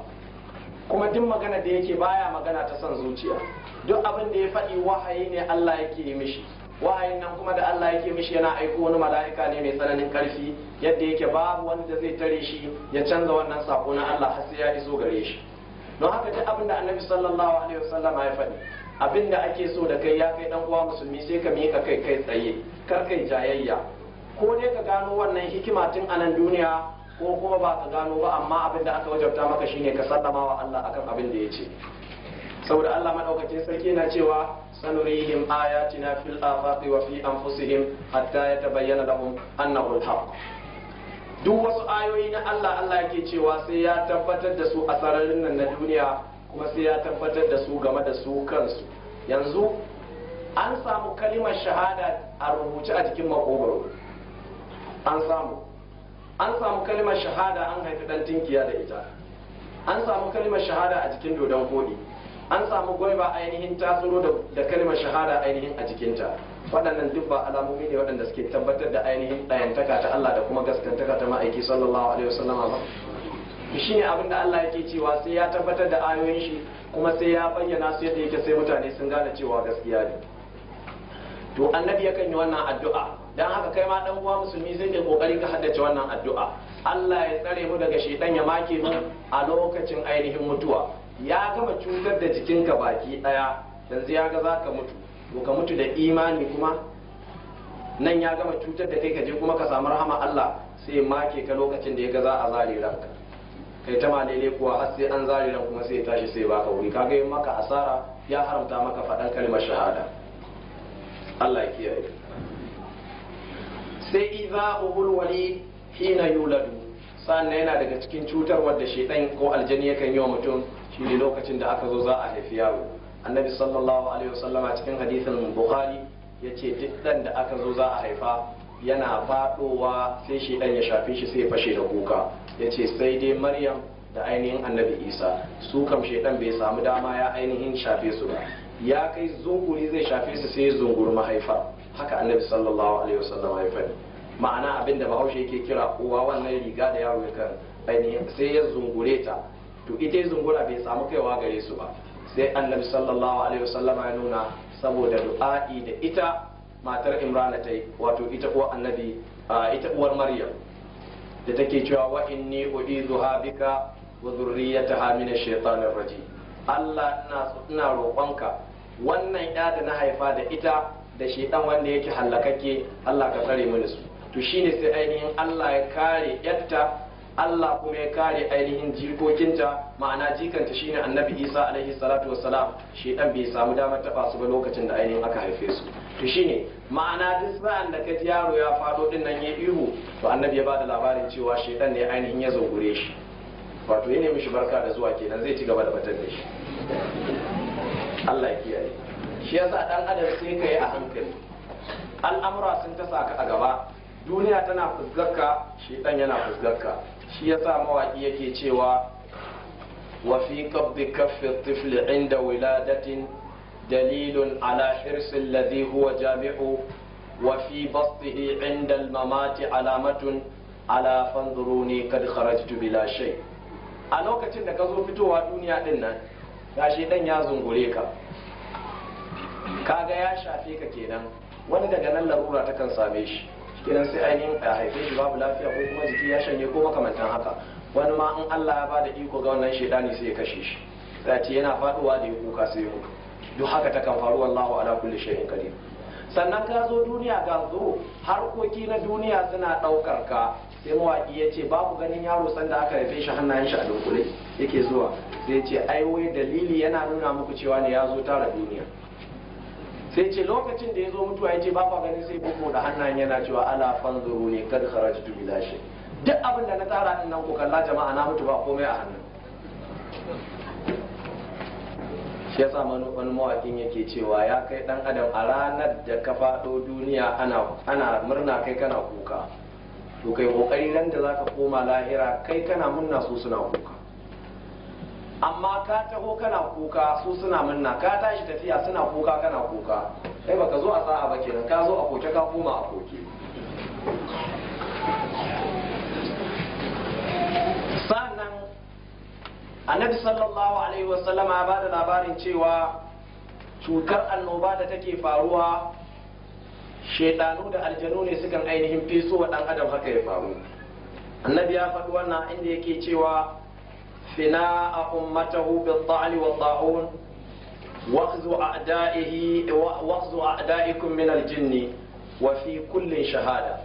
kuma duk magana da yake baya magana ta son zuciya duk abin da ya faɗi wahayi ne Allah yake yi mishi wahayin nan kuma da Allah yake mishi yana aiko wani mala'ika ne mai tsananin ƙarfi yadda yake babu wanda zai tare shi ya canza wannan sako na Allah har sai ya iso gare shi don haka duk abin da annabi sallallahu alaihi wasallam ya faɗi abin da ake so da kai ya kai dan uwa musulmi sai ka miƙa kai kai tsaye kar kai jayayya ko ne ka gano wannan hikima tun a nan duniya ko kuma ba ka gano ba amma abin da aka wajabta maka shine ka sallama wa Allah akan abin da ya ce saboda Allah madaukakin sarki na cewa sanurihim ayatina fil afaqi wa fi anfusihim hatta yatabayyana lahum annahu al-haqq duk wasu ayoyi na Allah Allah yake cewa sai ya tabbatar da su a sararin nan na duniya kuma sai ya tabbatar da su game da su kansu yanzu an samu kalimar shahada a rubuce a jikin makogaro an samu an samu kalimar shahada an haifi dan tinkiya da ita an samu kalimar shahada a jikin dodon kodi an samu gwaiba ainihin tasiro da kalimar shahada ainihin a jikinta waɗannan duk ba alamomi ne waɗanda suke tabbatar da ainihin ɗayantaka ta Allah da kuma gaskantaka ta ma'aiki sallallahu alaihi wasallam ba shi ne abin da Allah yake cewa sai ya tabbatar da ayoyin shi kuma sai ya bayyana su yadda yake sai mutane sun gane cewa gaskiya ne to annabi yakan yi wannan addu'a dan haka kai ma dan uwa musulmi zai kai kokari ka haddace wannan addu'a Allah ya tsare mu daga shedan ya make mu a lokacin ainihin mutuwa ya gama cutar da jikinka baki daya yanzu ya ga zaka mutu Ko ka mutu da imani kuma nan ya gama cutar da kai ka je kuma ka samu rahama Allah sai make ka lokacin da ya ga za a zare ranka kai ta malele kuwa har sai an zare ran kuma sai ya tashi sai baka wuri kaga yin maka asara ya haramta maka faɗan kalmar shahada Allah ya kiyaye sai idza ubul wali hina yuladu sannan yana daga cikin cutar wadda shedan ko aljani yakan yi wa mutum shi ne lokacin da aka zo za a haifi yaro annabi sallallahu alaihi wasallama cikin hadisin bukhari ya ce duk ɗan da aka zo za a haifa yana faɗowa sai shi ɗan ya shafi shi sai ya fashe da kuka ya ce sai dai maryam da ainihin annabi isa su kam shaidan bai samu dama ya ainihin shafe su ba ya kai zunguri zai shafe su sai zungur mahaifa haka annabi sallallahu alaihi ya haifa ma'ana abin da bahaushe yake kira uwa wannan riga da yaro ya kan ainihin sai ya zungure ta to ita zungura bai samu kaiwa gare su ba sai annabi sallallahu alaihi wasallam ya nuna saboda du'a'i da ita matar imrana ta yi wato ita uwar annabi ita uwar maryam da take cewa wa inni u'izuha bika wa dhurriyyataha min ash-shaytanir rajim Allah ina roƙonka wannan ya da na haifa da ita da shedan wanda yake hallakakke Allah ka tsare mini su to shine sai ainihin Allah ya kare yadda. Allah kuma ya kare ainihin jikokinta ma'ana jikanta shine annabi Isa alaihi salatu wassalam shi dan bai samu damar taba su ba lokacin da ainihin aka haife su to shine ma'ana duk sa'an da kaji yaro ya fado din nan ya ihu to annabi ya bada labarin cewa shedan ne ainihin ya zogure shi wato ya nemi shi barka da zuwa kenan zai ci gaba da batar da shi Allah ya kiyaye shi yasa dan adam sai kai a hankali al'amura sun ta saka a gaba duniya tana fuskarka shedan yana fuskarka shi ya yasa mawaƙi yake cewa wa fi qabdi kafi tifli inda wiladatin dalilun ala hirsin alladhi huwa jami'u wa fi bastihi inda almamati alamatun ala fanzuruni kad kharajtu bila shay a lokacin da ka zo fitowa duniya din nan gashi dan ya zungure ka kaga ya shafe ka kenan wani daga nan larura takan same shi Kiran sai ainihin a haife shi babu lafiya ko kuma jiki ya shanye ko makamantan haka wani ma in Allah ya bada iko ga wannan shaidani sai ya kashe shi zati yana faduwa da ya kuka sai ya mutu duk haka ta kan faru wallahu ala kulli shay'in qadir sannan ka zo duniya ga zo harkoki na duniya suna daukar ka sai mawaki ya ce babu ganin yaro sanda aka haife shi hannayen shi a dunkule yake zuwa sai ce ai wai dalili yana nuna muku cewa ne ya zo tara duniya sai ce lokacin da ya zo mutuwa ya ce ba kwa ganin sai boko da hannayen yana cewa ala fanzuru ne kad kharajtu bi lashi duk abin da na tsara din nan ku kalla jama'a na mutu ba komai a hannu. shi yasa wani mawakin yake cewa ya kai dan adam a ranar da ka faɗo duniya ana murna kai kana kuka to kai kokari nan da zaka koma lahira kai kana murna su suna kuka amma ka taho kana kuka su suna munna ka tashi tafiya suna kuka kana kuka kai baka zo a sa'a ba kenan ka zo a koke ka koma a koke sannan annabi sallallahu alaihi wasallam ya bada labarin cewa cutar annoba da take faruwa shaidanu da aljanu ne sukan ainihin feso wa dan adam haka ya faru annabi ya faɗi wannan inda yake cewa فناء أمته بالطعن والطاعون واخذ أعدائه واخذ أعدائكم من الجن وفي كل شهادة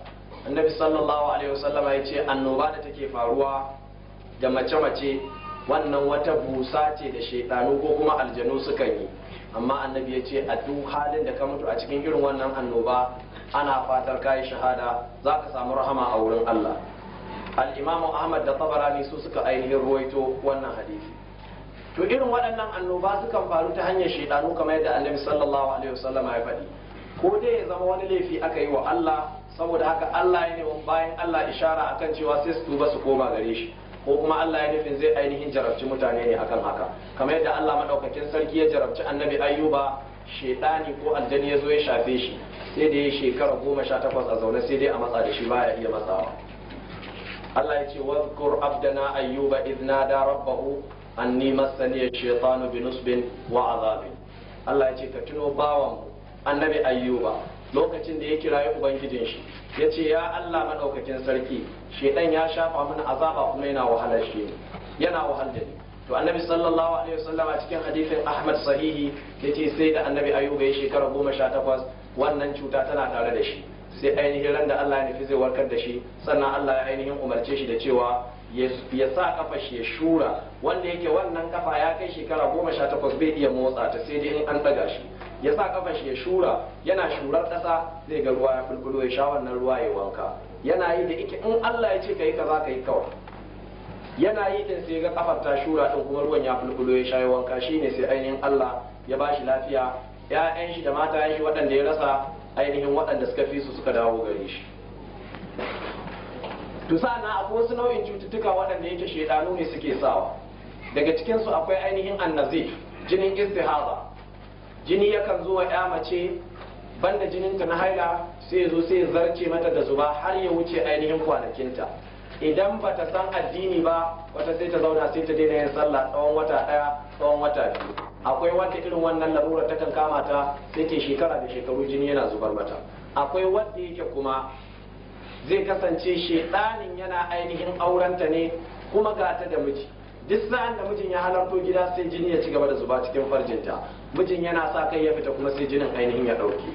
النبي صلى الله عليه وسلم يقول النوبة تكي فاروا جمع جمع wannan wata busa ce da shaidanu ko kuma aljanu suka yi amma annabi ya ce a duk halin da ka mutu a cikin irin wannan annoba ana fatar kayi shahada za ka samu rahama a wurin Allah al ahmad da tabarani su suka ainihin ruwaito wannan hadisi to irin waɗannan annoba sukan faru ta hanyar shaidanu kamar yadda annabi sallallahu alaihi wasallam ya faɗi ko dai ya zama wani laifi aka yi wa Allah saboda haka Allah ya nemi bayan Allah ishara akan cewa sai su tuba su koma gare shi ko kuma Allah ya nufin zai ainihin jarabci mutane ne akan haka kamar yadda Allah madaukakin sarki ya jarabci annabi ayyuba shaidani ko aljani ya zo ya shafe shi sai da ya shekara goma sha takwas a zaune sai dai a matsa da shi baya iya matsawa Allah ya ce wadhkur abdana ayyuba idh nada rabbahu anni massani ash-shaytanu bi nusbin wa azabin Allah ya ce ka tuno bawan annabi ayyuba lokacin da ya kirayi ubangijin shi ya ce ya Allah madaukakin sarki shedan ya shafa mana azaba kuma yana wahalar shi yana wahal to annabi sallallahu alaihi wasallam a cikin hadisin Ahmad sahihi yace sai da annabi ayyuba ya shekara 18 wannan cuta tana tare da shi sai ainihin ran da Allah ya nufi zai warkar da shi sannan Allah ya ainihin umarce shi da cewa ya sa kafa shi ya shura wanda yake wannan kafa ya kai shekara goma sha takwas bai iya motsa ta sai dai in an daga shi ya sa kafa shi ya shura yana shurar kasa zai ga ruwa ya bulbulo ya sha wannan ruwa ya wanka yana yi da ike in Allah ya ce ka yi kaza ka yi kawai yana yi din sai ga kafar ta shura din kuma ruwan ya bulbulo ya sha ya wanka shine sai ainihin Allah ya ba shi lafiya ya'yan shi da mata shi waɗanda ya rasa ainihin waɗanda suka fi su suka dawo gare shi to na akwai wasu nau'in cututtuka waɗanda yake shaidanu ne suke sawa daga cikin su akwai ainihin annazi jinin istihaza jini yakan zo wa ya mace banda jininta na haila sai zo sai zarce mata da zuba har ya wuce ainihin kwanakinta idan ba ta san addini ba wata sai ta zauna sai ta daina yin sallah tsawon wata ɗaya tsawon wata biyu akwai wanda irin wannan larura ta kan kama ta take shekara da shekaru jini yana zubar mata akwai wanda yake kuma zai kasance shedanin yana ainihin aurenta ne kuma ga ta da miji duk sa'an da mijin ya halarto gida sai jini ya ci gaba da zuba cikin farjinta mijin yana sa kai ya fita kuma sai jinin ainihin ya dauke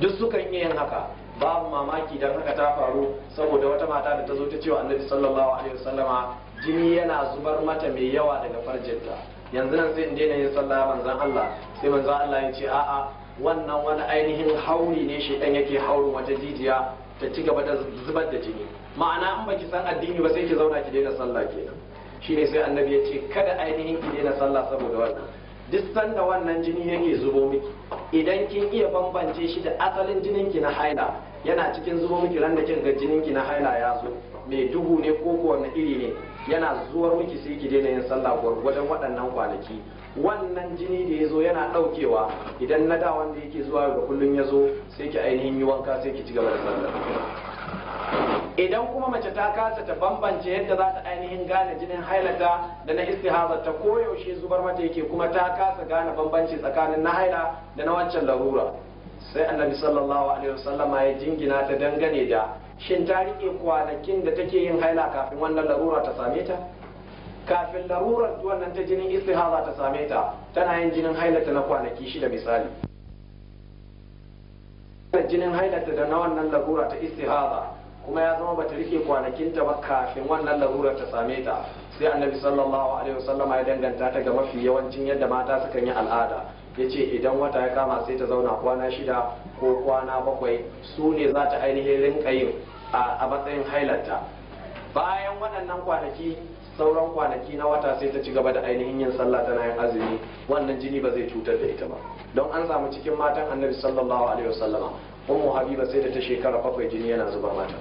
duk sukan iya yin haka babu mamaki dan haka ta faru saboda wata mata da ta zo ta cewa annabi sallallahu alaihi wasallama jini yana zubar mata mai yawa daga farjinta yanzu nan zai daina yin sallah manzan Allah sai manzan Allah ya ce a'a wannan wani ainihin hauri ne shi dan yake haurin wata jijiya ta ci gaba da zubar da jini ma'ana in baki san addini ba sai ki zauna ki daina sallah kenan ne sai annabi ya ce kada ainihin ki daina sallah saboda wannan duk sanda wannan jini yake zubo miki idan kin iya bambance shi da asalin jinin ki na haila yana cikin zubo miki ran da kin ga jinin ki na haila ya zo mai duhu ne ko ko wani iri ne yana zuwar miki sai ki daina yin sallah gwargwadon waɗannan kwanaki wannan jini da ya zo yana ɗaukewa idan na da wanda yake zuwa ga kullum ya zo sai ki ainihin yi wanka sai ki ci gaba da sallah idan kuma mace ta kasa ta bambance yadda za ta ainihin gane jinin hailata da na istihaza ta koyaushe zubar mata yake kuma ta kasa gane bambanci tsakanin na haila da na wancan larura sai annabi sallallahu alaihi wasallama ya jingina ta dangane da shin ta rike kwanakin da take yin haila kafin wannan larura ta same ta kafin larurar wannan ta jinin istihaza ta same ta tana yin jinin hailata na kwanaki shida misali jinin hailata da na wannan larura ta istihaza kuma ya zama bata rike ta ba kafin wannan larurar ta same ta sai annabi sallallahu alaihi wasallam ya danganta ta ga mafi yawancin yadda mata sukan yi al'ada ya ce idan wata ya kama sai ta zauna kwana shida ko kwana bakwai su ne za ta ainihin rinka yin a matsayin hailata bayan waɗannan kwanaki sauran kwanaki na wata sai ta ci gaba da ainihin yin sallah tana yin azumi wannan jini ba zai cutar da ita ba don an samu cikin matan annabi sallallahu alaihi wasallama ummu habiba sai da ta shekara bakwai jini yana zuba mata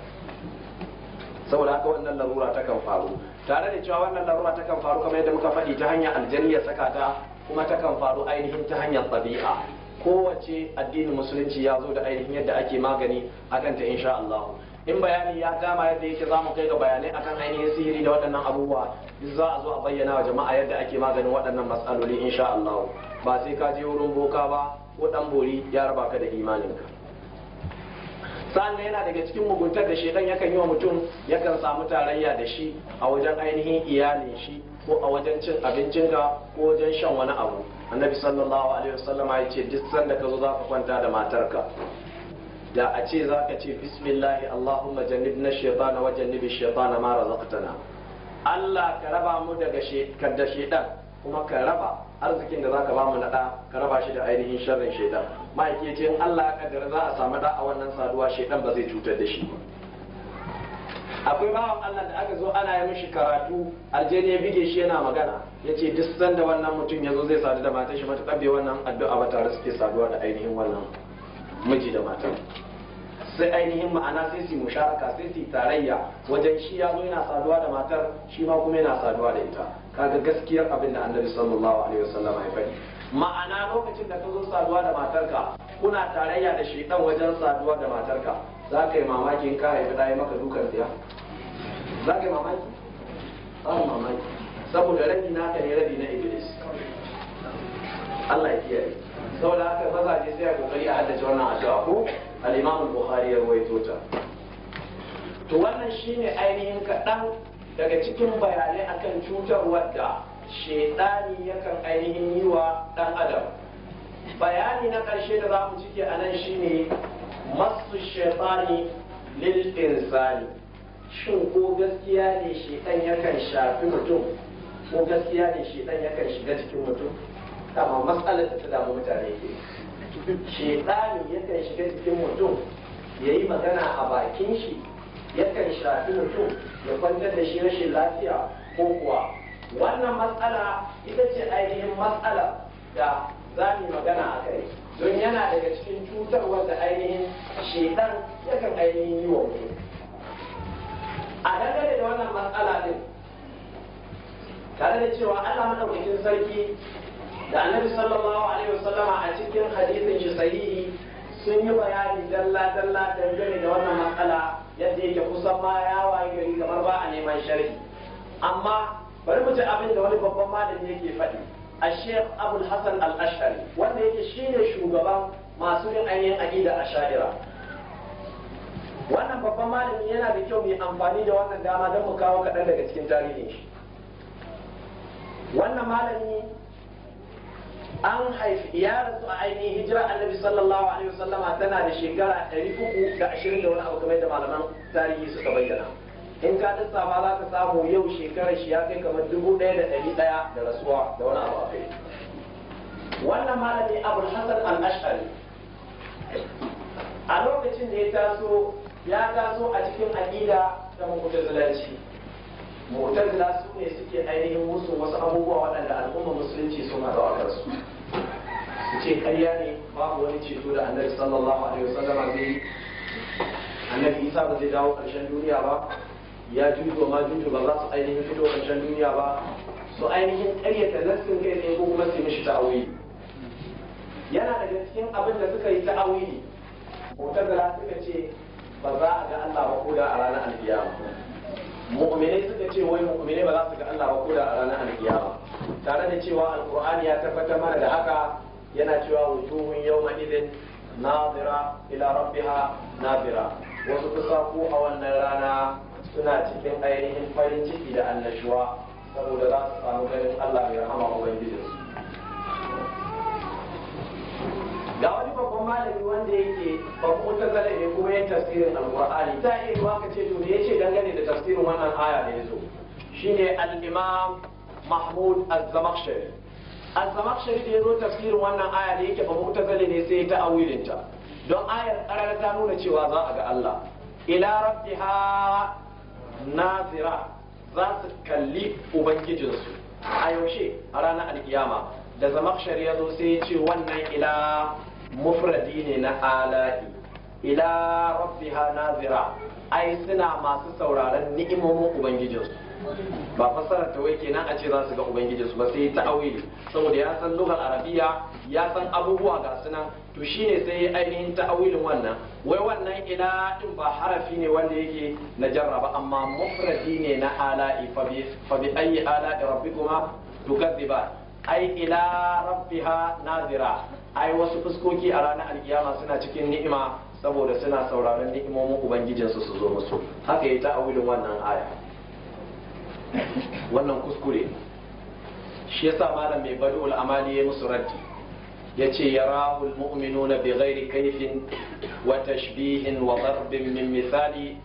saboda haka wannan larura ta kan faru tare da cewa wannan larura ta kan faru kamar yadda muka faɗi ta hanyar aljani saka ta kuma ta kan faru ainihin ta hanyar ɗabi'a kowace addinin musulunci ya zo da ainihin yadda ake magani akan ta insha allahu. in bayani ya kama yadda yake za mu kai ga bayanai akan ainihin sihiri da waɗannan abubuwa za a zo a bayyana wa jama'a yadda ake maganin waɗannan matsaloli insha Allah ba sai ka je wurin boka ba ko dan bori ya raba ka da imaninka sannan yana daga cikin muguntar da shedan yakan yi wa mutum yakan samu tarayya da shi a wajen ainihin iyalin shi ko a wajen cin abincin ka ko wajen shan wani abu annabi sallallahu alaihi wasallam ya ce duk sanda ka zo za ka kwanta da matarka da a ce za ka ce bismillahi allahumma jannib na shaitana wa jannib shaitana ma razaqtana Allah ka raba mu daga da shaitan kuma ka raba arzikin da zaka ba mu na da ka raba shi da ainihin sharrin shaitan yake ce Allah ya kaddara za a samu da a wannan saduwa shaitan ba zai cutar da shi akwai bawan Allah da aka zo ana yi mishi karatu aljani ya bige shi yana magana ya ce duk sanda wannan mutum ya zo zai sadu da matashi mata bai wannan addu'a ba tare suke saduwa da ainihin wannan miji da mata sai ainihin ma'ana sai su musharaka sai su tarayya wajen shi ya zo yana saduwa da matar shi ma kuma yana saduwa da ita kaga gaskiyar abin da annabi sallallahu alaihi wasallam ya faɗi ma'ana lokacin da ka zo saduwa da matarka kuna tarayya da shaitan wajen saduwa da matarka za ka yi mamaki in ka haifi ɗaya maka dukan siya za ka yi mamaki za mamaki saboda rabi naka ne rabi na iblis Allah ya kiyaye saboda haka mazaje sai a kokari a haddace wannan addu'a ko al-Imam Bukhari ya rawaito ta to wannan shine ainihin kaɗan daga cikin bayanai akan cutar da shedani yakan ainihin yi wa ɗan adam bayani na ƙarshe da za mu cike a nan shine masu shaitani lil insani shin ko gaskiya ne shaitan yakan shafi mutum ko gaskiya ne yakan shiga cikin mutum kama matsalar da ta damu mutane ke ya yakan shiga cikin mutum ya yi magana a bakin shi yakan shafi mutum ya kwantar da shi rashin lafiya ko kuwa wannan matsala ita ce ainihin matsala da za mu magana a kai don yana daga cikin cutarwar da ainihin ya yakan ainihin yi wa mutum a dangane da wannan matsala din tare da cewa Allah maɗaukacin sarki da annabi sallallahu alaihi wasallama a cikin hadisin shi sahihi sun yi bayani dalla dalla dangane da wannan matsala yadda yake kusan ma ya waye gari kamar ba a neman sharhi amma bari mu ji abin da wani babban malami yake faɗi a sheikh abul hasan al-ashari wanda yake shine shugaban masu yin ainihin aqida asha'ira wannan babban malami yana da kyau mai amfani da wannan dama don mu kawo kaɗan daga cikin tarihin shi wannan malami an haifi ya rasu a ainihin hijira annabi sallallahu alaihi wasallama tana da shekara ɗari uku da ashirin da wani abu kamar da malaman tarihi suka bayyana in ka ba za ka samu yau shekarar shi ya kai kamar dubu ɗaya da ɗari ɗaya da rasuwa da wani abu a kai wannan malami abul hasan al-ash'ari a lokacin da ya taso ya taso a cikin aƙida da zalanci mu'tazila su ne suke ainihin musu wasu abubuwa waɗanda al'ummar musulunci sun haɗu a kansu su ce karya ne babu wani ceto da annabi sallallahu alaihi wasallam zai yi annabi isa ba zai dawo ƙarshen duniya ba ya jujo ma jujo ba za su ainihin fito ƙarshen duniya ba su ainihin ta nassin kai ne ko kuma su mishi ta'awuyi yana daga cikin abin da suka yi ta'awili mu'tazila suka ce ba za a ga Allah ba ko da a ranar alkiyama mu'minai suka ce wai mu'minai ba za su ga Allah ba ko da a ranar alkiyama tare da cewa alkur'ani ya tabbatar mana da haka yana cewa wujuhun yawma idin nazira ila rabbiha nazira wasu kusa ko a wannan rana suna cikin ainihin farin ciki da annashuwa saboda za su samu ganin Allah ya rahama ubangijinsu ga wani malami wanda yake ba ta zane ne kuma yin tafsirin al'kur'ani. ta yi yiwa ka ce to me yace dangane da tafsirin wannan aya da yazo shine al-imam mahmud az-zamakhshari az-zamakhshari da yazo tafsirin wannan aya da yake ba zane ne sai ta ta. don ayar karara ta nuna cewa za a ga Allah ila rabbiha nazira za su kalli ubangijinsu a yaushe a ranar alkiyama da zamakshari ya zo sai ya ce wannan ila mufradi ne na ala'i ila rabbiha nazira ai suna masu sauraron ni'imomin ubangijinsu ba fasara ta wai kenan a ce za su ga ubangijinsu ba sai ta awili saboda ya san lugar arabiya ya san abubuwa ga sunan to shine sai ya ainihin ta wannan wai wannan ila din ba harafi ne wanda yake na jarraba amma mufradi ne na ala'i fa bi ayi ala'i rabbikuma tukadiba ai ila rabbiha nazira ai wasu fuskoki a ranar alkiyama suna cikin ni'ima saboda suna sauraron ni'imomin ubangijinsu su zo musu haka ya ta'awilin wannan aya wannan kuskure shi yasa malam mai badul amali ya musu raddi ya ce ya rahul muminu na bigairi kaifin wa tashbihin wa zarbin min misali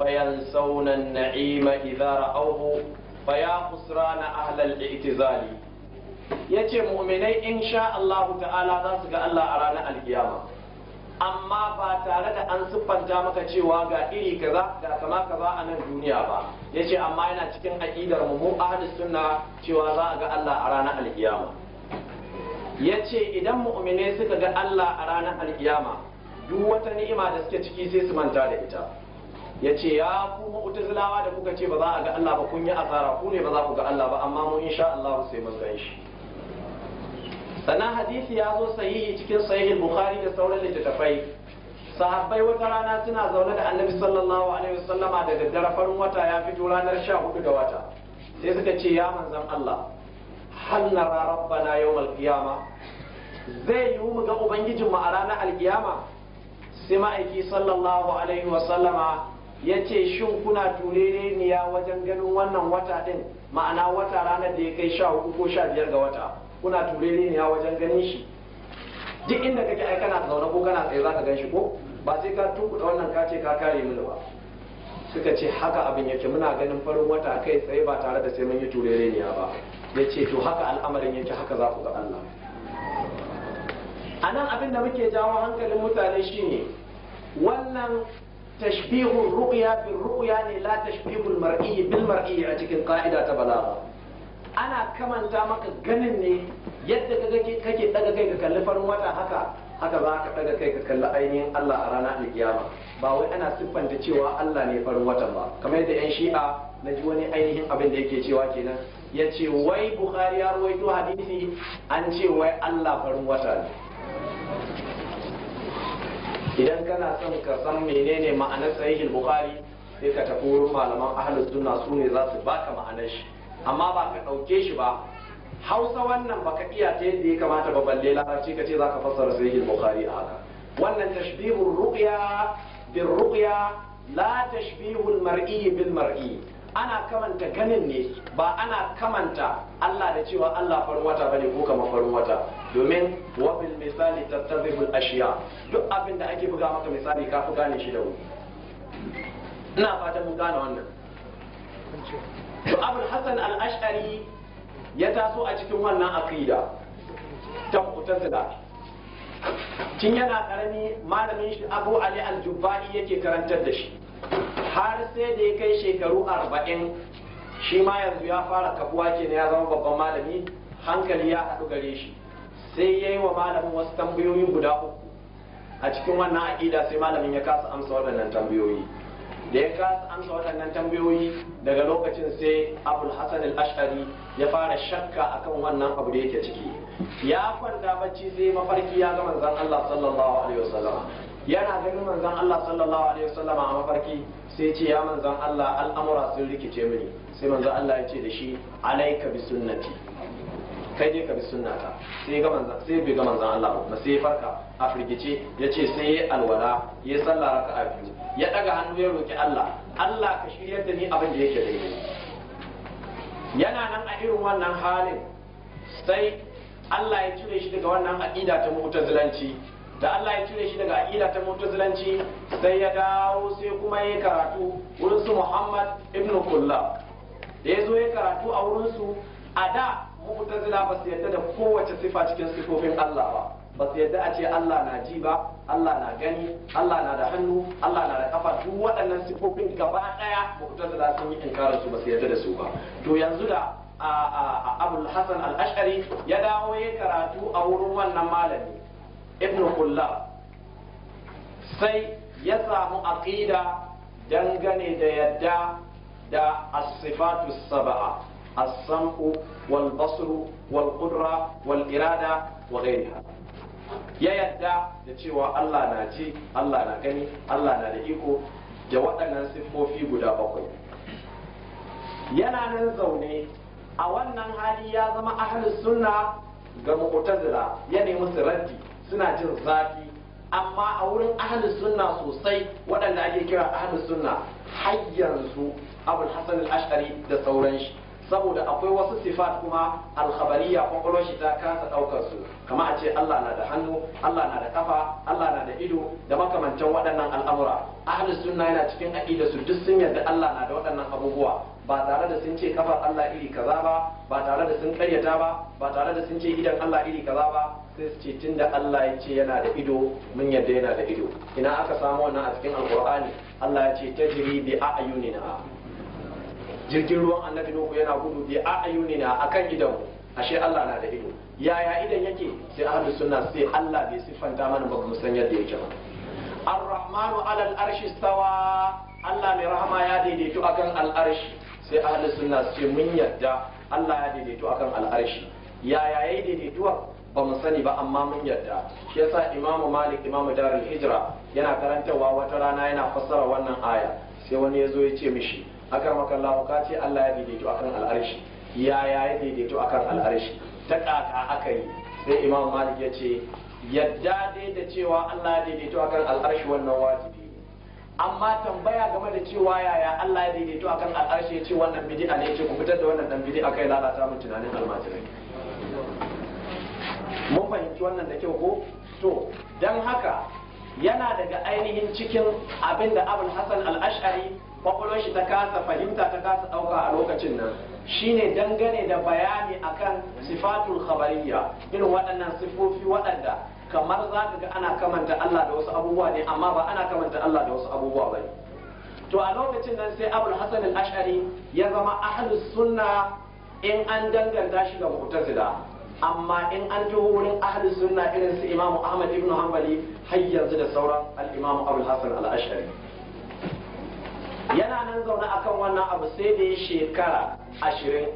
Bayan saunan naima idza ra'awhu faya na ahlal i'tizali ya ce mu'minai in sha Allah ta'ala za su ga Allah a ranar alkiyama amma ba tare da an siffanta maka cewa ga iri kaza ga kama kaza a nan duniya ba ya ce amma yana cikin aƙidar mu ahlus sunna cewa za a ga Allah a ranar alkiyama ya ce idan mu'minai suka ga Allah a ranar alkiyama duk wata ni'ima da suke ciki sai su manta da ita ya ce ya ku mu'tazilawa da kuka ce ba za a ga Allah ba kun yi asara ku ne ba za ku ga Allah ba amma mu insha Allah sai mun gan shi sannan hadisi ya zo sahihi cikin sahihin bukhari da sauran littattafai sahabbai wata rana suna zaune da annabi sallallahu alaihi wasallama da daddare farin wata ya fito ranar sha hudu da wata sai suka ce ya manzan Allah hal nara rabbana yawmal qiyama zai yiwu mu ga ubangijin mu a ranar alkiyama sai ma'aiki sallallahu alaihi wasallama ya ce shin kuna turere ne ya wajen ganin wannan wata din ma'ana wata ranar da ya kai sha hudu ko sha biyar ga wata kuna turere ne wajen ganin shi duk inda kake ai kana zaune ko kana tsaye zaka gan shi ko ba sai ka tukuta wannan ka ce ka kare mini ba suka ce haka abin yake muna ganin farin wata kai tsaye ba tare da sai mun yi turere ne ba ya ce to haka al'amarin yake haka za ku ga Allah anan abin da muke jawo hankalin mutane shine wannan tashbihun ru'ya bil ru'ya ne la al mar'i bil mar'i a cikin ka'ida ta balagha ana kamanta maka ganin ne yadda kake daga kai ka kalli farin wata haka haka za ka daga kai ka kalli ainihin Allah a rana da kiyama ba wai ana siffanta cewa Allah ne farin watan ba kamar yadda yan shi'a na ji wani ainihin abin da yake cewa kenan ya ce wai bukhari ya ruwaito hadisi an ce wai Allah farin wata ne idan kana son ka san menene ma'anar sahihul bukhari sai ka tafi wurin malaman ahlus sunna su ne za su baka ma'anar shi amma ba ka ɗauke shi ba hausa wannan ba ka iya ta yadda ya kamata ba balle larabci ka ce za ka fassara sai sahih bukari a haka wannan tashbihun ruqya bil ruqya la tashbihul mar'i bil mar'i ana kamanta ganin ne ba ana kamanta Allah da cewa Allah farin wata bane ko kamar farin wata domin wa bil misali tattazibul ashiya duk abin da ake buga maka misali ka fi gane shi da wuri ina fatan mun gane wannan to abul hasan al-ash'ari ya taso a cikin wannan akida ta da tun yana karami malamin shi abu ali al jubbai yake karantar da shi har sai da ya kai shekaru arba'in shi ma yanzu ya fara kabuwa kenan ya zama babban malami hankali ya haɗu gare shi sai ya yi wa malamin wasu tambayoyin guda uku a cikin wannan aƙida sai malamin ya kasa amsa waɗannan tambayoyi da ya kasa amsa waɗannan tambayoyi daga lokacin sai abul hassan al-ashari ya fara shakka akan wannan abu da yake ciki ya kwanta bacci sai mafarki ya ga manzon Allah sallallahu alaihi wasallam yana ganin manzon Allah sallallahu alaihi wasallam a mafarki sai ce ya manzon Allah al'amura sun rikice mini sai manzon Allah ya ce da shi alaika bi sunnati kai dai ka bi sunna ta sai ga manzan sai bai ga manzan Allah ba sai farka a firgice ya ce sai ya alwala ya sallah raka'a biyu ya daga hannu ya roki Allah Allah ka shiryar da ni abin da yake daidai yana nan a irin wannan halin sai Allah ya cire shi daga wannan aqida ta mu'tazilanci da Allah ya cire shi daga aqida ta mu'tazilanci sai ya dawo sai kuma ya karatu wurin su Muhammad ibn Kullab da ya zo ya karatu a wurin su a da mu'tazila ba su yadda da kowace sifa cikin sifofin Allah ba ba su yadda a ce Allah na ji ba Allah na gani Allah na da hannu Allah na da kafa duk waɗannan sifofin gaba ɗaya mu'tazila sun yi inkarar su ba su yadda da su ba to yanzu da abul hasan al-ash'ari ya dawo ya karatu a wurin wannan malami ibn kullab sai ya samu aqida dangane da yadda da as-sifatu sab'a السمع والبصر والقدرة والإرادة وغيرها ya yadda da cewa Allah na ji Allah na gani Allah na da iko da waɗannan siffofi guda bakwai yana nan zaune a wannan hali ya zama ahlus sunna ga mu'tazila ya nemi su raddi suna jin zafi amma a wurin ahlus sunna sosai waɗanda ake kira ahlus sunna har yanzu abul hasan al-ashari da sauran shi saboda akwai wasu sifat kuma alkhabariya kwakwalwar shi ta kasa daukar su kama a ce Allah na da hannu Allah na da kafa Allah na da ido da makamancin waɗannan al'amura ahlus sunna yana cikin aqida su duk sun yarda Allah na da waɗannan abubuwa ba tare da sun ce kafar Allah iri kaza ba ba tare da sun karyata ba ba tare da sun ce idan Allah iri kaza ba sai su ce tunda Allah ya ce yana da ido mun yarda yana da ido ina aka samu wannan a cikin alqur'ani Allah ya ce tajri bi a'yunina jirgin ruwan annabi nuhu yana gudu bi a ayuni na akan idan ashe Allah na da ido yaya idan yake sai ahlu sunna sai Allah bai siffanta mana ba mu san yadda yake ba ar-rahmanu ala al-arshi stawa Allah mai rahama ya daidaito akan al-arshi sai ahlu sunna sai mun yadda Allah ya daidaito akan al-arshi yaya yayi daidaituwa ba mu sani ba amma mun yadda shi yasa imamu malik imamu darul hijira yana karantarwa, wata rana yana fassara wannan aya sai wani ya zo ya ce mishi akar makallahu ka ce Allah ya daidaito akan al'arshi yaya ya daidaito akan al'arshi ta kaka aka yi sai imam malik ya ce yadda dai da cewa Allah ya daidaito akan al'arshi wannan wajibi amma tambaya game da cewa yaya Allah ya daidaito akan al'arshi ya ce wannan bid'a ne ce ku fitar da wannan dan bid'a kai lalata mun tunanin almajirai mun fahimci wannan da kyau ko to dan haka yana daga ainihin cikin abin da abin hasan al-ash'ari kwakwalwar shi ta kasa fahimta ta kasa ɗauka a lokacin nan shine dangane da bayani akan sifatul khabariya irin waɗannan sifofi waɗanda kamar za ka ga ana kamanta Allah da wasu abubuwa ne amma ba ana kamanta Allah da wasu abubuwa ba to a lokacin nan sai abul hasan al-ash'ari ya zama ahlus sunna in an danganta shi ga mu'tazila amma in an taho wurin ahli sunna irin su imamu ahmad ibn hanbali har yanzu da sauran al-imamu abul hasan al yana nan zaune akan wannan abu sai da ya shekara ashirin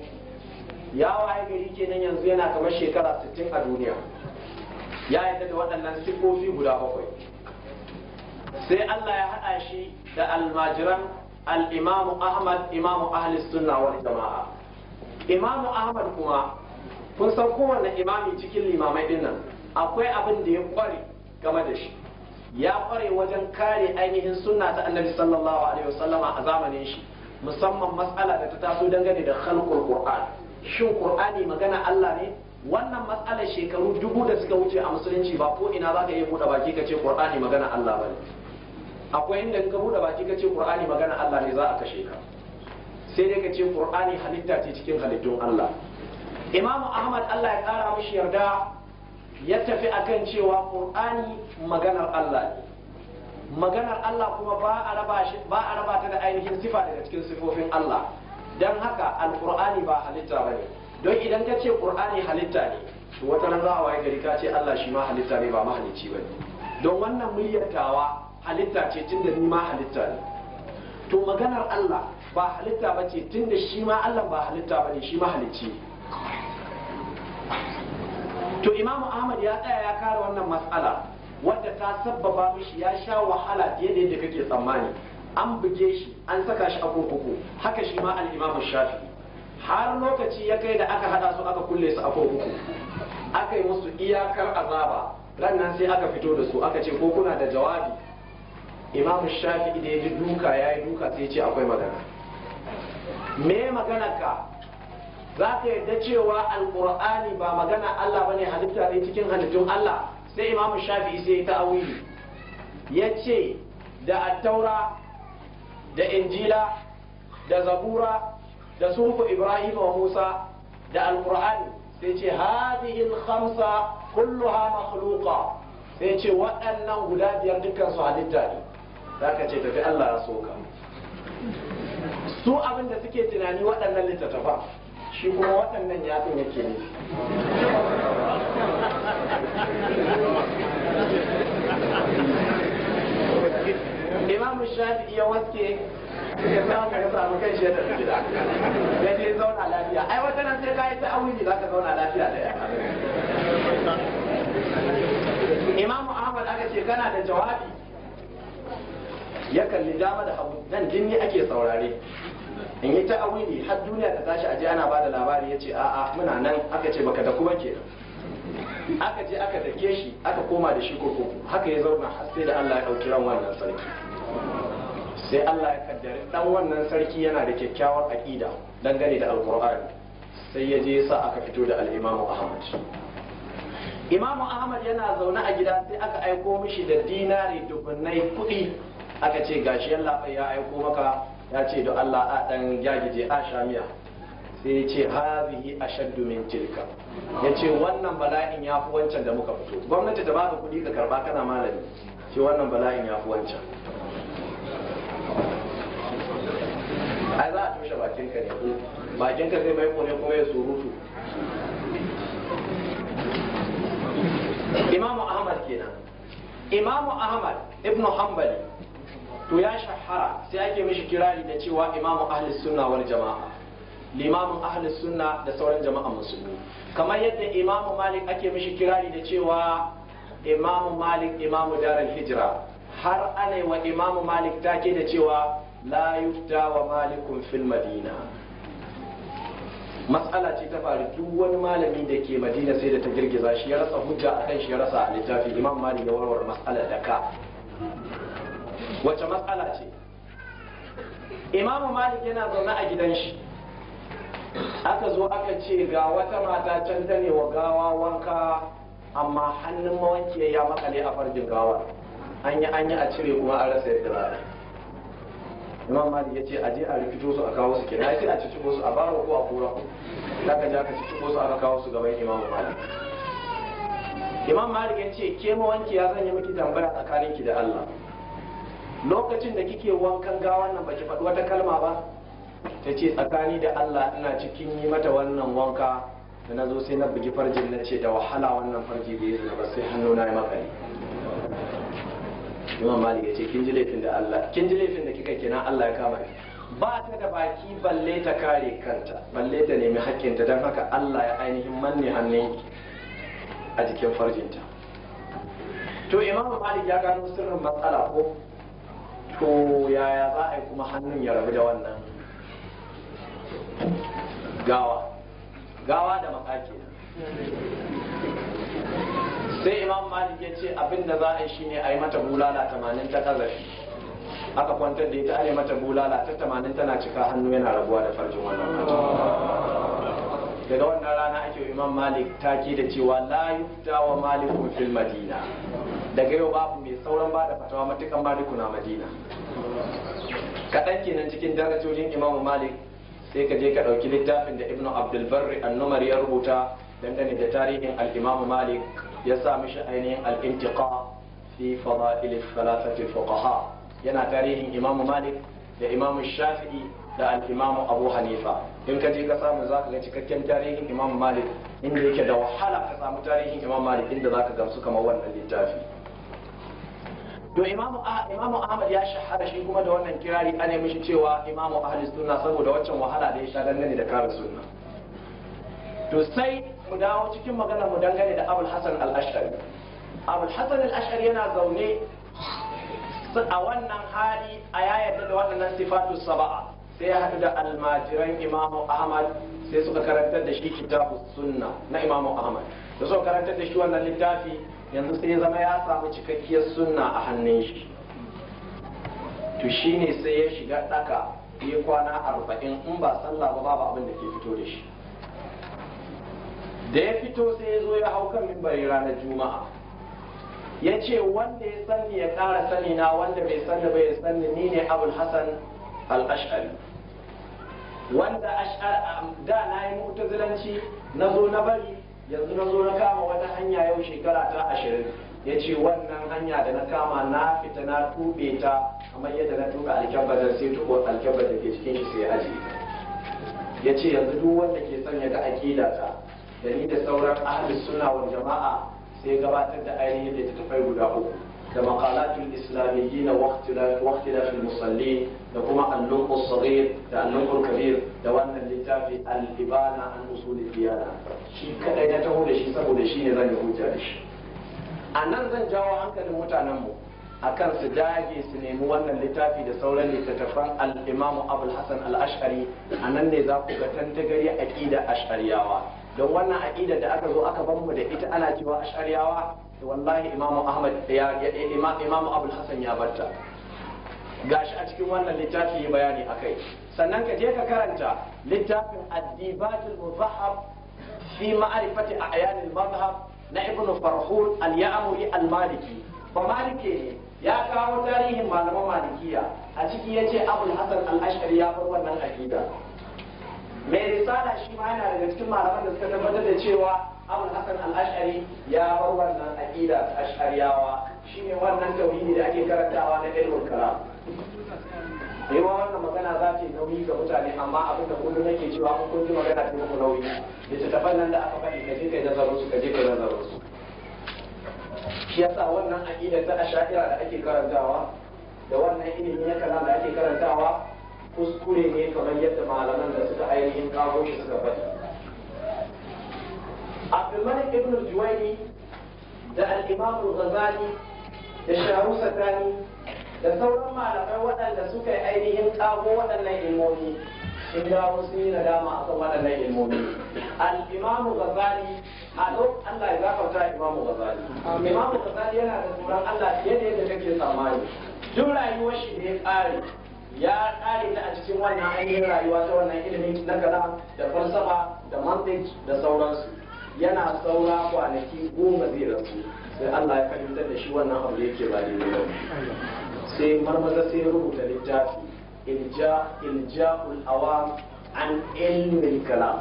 ya waye gari kenan yanzu yana kamar shekara sittin a duniya ya yadda da waɗannan sikofi guda bakwai sai Allah ya haɗa shi da almajiran al-imamu ahmad imamu ahli sunna wani jama'a imamu ahmad kuma kun san kowanne imami cikin limamai din nan akwai abin da ya kware game da shi ya kware wajen kare ainihin sunna ta annabi sallallahu alaihi wasallama a zamanin shi musamman matsala da ta taso dangane da khalqul qur'an shin qur'ani magana Allah ne wannan matsalar shekaru dubu da suka wuce a musulunci ba ko ina za ka iya buɗe baki ka ce qur'ani magana Allah ba akwai inda ka buɗe baki ka ce qur'ani magana Allah ne za a kashe ka sai dai ka ce qur'ani halitta ce cikin halittun Allah imam ahmad allah ya kara mishi yarda ya tafi akan cewa qur'ani maganar allah ne maganar allah kuma ba a raba shi ba a raba ta da ainihin sifa daga cikin sifofin allah don haka alqur'ani ba halitta ba ne don idan ka ce qur'ani halitta ne to wata nan zawa ya gari ka ce allah shi ma halitta ne ba mahalicci ne don wannan muryatawa halitta ce tun da ni ma halitta ne to maganar allah ba halitta ba ce tun da shi ma allah ba halitta ba ne shi mahalicci ne to imamu ahmad ya tsaya ya kare wannan matsala wadda ta sabbaba mishi ya sha wahala fiye da yadda kake tsammani an buge shi an saka shi a kurkuku haka shi ma al'imamu shafi har lokaci ya kai da aka hada su aka kulle su a kurkuku aka yi musu iyakar azaba rannan sai aka fito da su aka ce ko kuna da jawabi imamu shafi idan ya ji duka ya yi duka sai ce akwai magana me magana ka za ka yarda cewa alkur'ani ba magana Allah bane halitta ne cikin halittun Allah sai imam shafi'i sai ta awili ya ce da attaura da injila da zabura da sunfu ibrahim wa musa da alkur'ani sai ce hadihi al kulluha makhluqa sai ce waɗannan guda biyar dukkan su halitta ne za ka ce tafi Allah ya soka su abin da suke tunani waɗannan littattafa shi kuma waɗannan yatsun yake ne imamu shafi ya waske ya sa ka samu kai shi da gida ya je zauna lafiya ai wata nan sai ka ta awuji za ka zauna lafiya da imamu ahmad aka ce kana da jawabi ya kalli dama da hagu nan jinni ake saurare in yi ta'awili har duniya ta tashi aje ana bada labari ya yace a'a muna nan aka ce baka da kuma ke. aka je aka dake shi aka koma da shi kurkuku haka ya zauna har sai da Allah ya dauki ran wannan sarki sai Allah ya kaddari dan wannan sarki yana da kyakkyawar aqida dangane da alqur'ani sai ya je ya sa aka fito da al-Imam Ahmad Imam Ahmad yana zaune a gida sai aka aiko mishi da dinari dubunnai kuɗi aka ce gashi Allah ya aiko maka ya ce don Allah a dan jagije a shamiya sai ya ce hazihi shan min tilka ya ce wannan bala'in ya fi wancan da muka fito gwamnati ta baka kuɗi ka karba kana malami ce wannan bala'in ya fi wancan ai za a toshe bakin ka ne bakin ka zai mai kone kuma ya surutu imamu ahmad kenan imamu ahmad ibnu hanbali to ya shahara sai ake mishi kirari da cewa imamu ahli sunna wal jama'a limamin ahli sunna da sauran jama'a musulmi kamar yadda imamu malik ake mishi kirari da cewa imamu malik imamu darul hijra har ana wa imamu malik take da cewa la yufta wa malikun fil madina matsala ce ta faru duk wani malami da ke madina sai da ta girgiza shi ya rasa hujja akan shi ya rasa a littafi imam malik ya warware matsalar da ka wace matsala ce imamu malik yana zaune a gidan shi aka zo aka ce ga wata mata can ta ne wa gawa wanka amma hannun mawanki ya makale a farjin gawa an yi anya a cire kuma a rasa yadda za imam malik ya ce a je a rikito su a kawo su kenan sai a cici su a baro ko a kura ta ka je aka cici su a kawo su gaban imam malik imam malik ya ce ke mawanki ya zanyi miki tambaya tsakaninki da allah lokacin da kike wankan gawan nan baki faɗi wata kalma ba ta ce tsakani da Allah ina cikin yi mata wannan wanka da na zo sai na bugi farjin na ce da wahala wannan farji da ya ba sai hannu na yi makare Imam Malik ya ce kin ji laifin da Allah kin ji laifin da kika kenan Allah ya kama ki ba ta da baki balle ta kare kanta balle ta nemi ta, don haka Allah ya ainihin manne hannun a jikin farjinta to Imam Malik ya gano sirrin matsala ko to yaya za a yi kuma hannun ya rabu da wannan gawa gawa da makaki sai imam malik ya ce abin da za a yi shine a yi mata bulala tamanin ta kazafi aka kwantar da ita a yi mata bulala ta tamanin tana cika hannu yana rabuwa da farjin wannan daga wannan rana ake imam malik take da cewa la yufta wa malikun fil madina daga yau babu mai sauran ba da fatawa matukan maliku na madina kaɗan kenan cikin darajojin imamu malik sai ka je ka ɗauki littafin da ibnu abdulbarri annumar ya rubuta dangane da tarihin al'imamu malik ya sa mishi ainihin al'intiqa fi fada'il falafati fuqaha yana tarihin imamu malik da imamu shafi'i da al'imamu abu hanifa in ka je ka samu za ka ga cikakken tarihin imam malik inda yake da wahala ka samu tarihin imam malik inda za ka gamsu kamar wannan littafi to imamu ahmad ya shahara shi kuma da wannan kirari a ne mishi cewa imamu ahli sunna saboda waccan wahala da ya sha dangane da kare sunna to sai mu dawo cikin magana mu dangane da abul hasan al-ashari abul hasan al-ashari yana zaune a wannan hali a ya da waɗannan sifatu saba'a sai ya haɗu da almajiran imamu ahmad sai suka karantar da shi kitabu sunna na imamu ahmad da suka karantar da shi wannan littafi yanzu sai ya zama ya samu cikakkiyar sunna a hannun shi to shi ne sai ya shiga ɗaka ya kwana arba'in in ba sallah ba babu abin da ke fito da shi da ya fito sai ya zo ya hau kan mimbari ranar juma'a ya ce wanda ya sani ya ƙara sani na wanda bai sani ba ya sani ni ne abul hasan al-ash'ari wanda da na yi mutazilanci na zo na bari yanzu na zo na kama wata hanya yau shekara ta ashirin ya ce wannan hanya da na kama na fita na tube ta kamar yadda na tuka alkyabbatar sai tuko alkyabbar da ke cikin shi sai aji ya ce yanzu duk wanda ke sanya ta akida ta da ni da sauran ahli suna wani jama'a sai gabatar da ainihin tafai guda uku da maqalatul islamiyyin wa ikhtilaf al-musallin da kuma al kusurir da al-luqu da wannan littafi al-ibana an usul diyana shi kadai na taho da shi saboda shi ne zan yi hujja da shi a nan zan jawo hankalin mutanen mu akan su dage su nemi wannan littafi da sauran littattafan al-imamu abul hasan al-ash'ari a nan ne za ku ga tantagari aqida ash'ariyawa don wannan aqida da aka zo aka bamu da ita ana cewa ash'ariyawa wallahi imamu ahmad ya eh, imamu abul hasan ya barta gashi a cikin wannan littafi yi bayani a kai. sannan ka je ka karanta littafin addibatul muzahab fi a a'yanil mazhab na ibnu farhul al-ya'muri al-maliki ba Maliki ne ya kawo tarihin malaman malikiya a ciki yace abul hasan al-ash'ari ya bar wannan aqida mai risala shi ma yana daga cikin malaman da suka tabbatar da cewa abu hasan al ya bar wannan aqida ash'ariyawa shine wannan tauhidi da ake karantawa na ilmul kalam sai ma wannan magana za ta yi nauyi ga mutane amma abin da kullum nake cewa mun kun ji magana ta muku nauyi littattafan nan da aka faɗi ka je kai nazarin su ka je kai nazarin su shi yasa wannan aqida ta ash'ariya da ake karantawa da wannan ilimi na kalam da ake karantawa kuskure ne kamar yadda malaman da suka ainihin kawo shi suka faɗi Abdulmalik ibn Juwaini da al-Imam da Sharu Sakani da sauran malamai waɗanda suka yi ainihin ƙago waɗannan ilmomi sun dawo sun yi nadama a kan waɗannan ilmomi. Al-Imam Ghazali Allah ya gafarta Imam Ghazali. Imam Ghazali yana da tsoron Allah fiye da yadda kake tsammani. Duk rayuwar da ya ƙare ya ƙare ta a cikin wannan ainihin rayuwa ta wannan ilimin na da falsafa da mantiq da sauransu. yana saura kwanaki goma zai rasu sai Allah ya fahimta da shi wannan abu yake ba da yi sai marmaza sai rubuta littafi ilja ja awam an ilmin kalam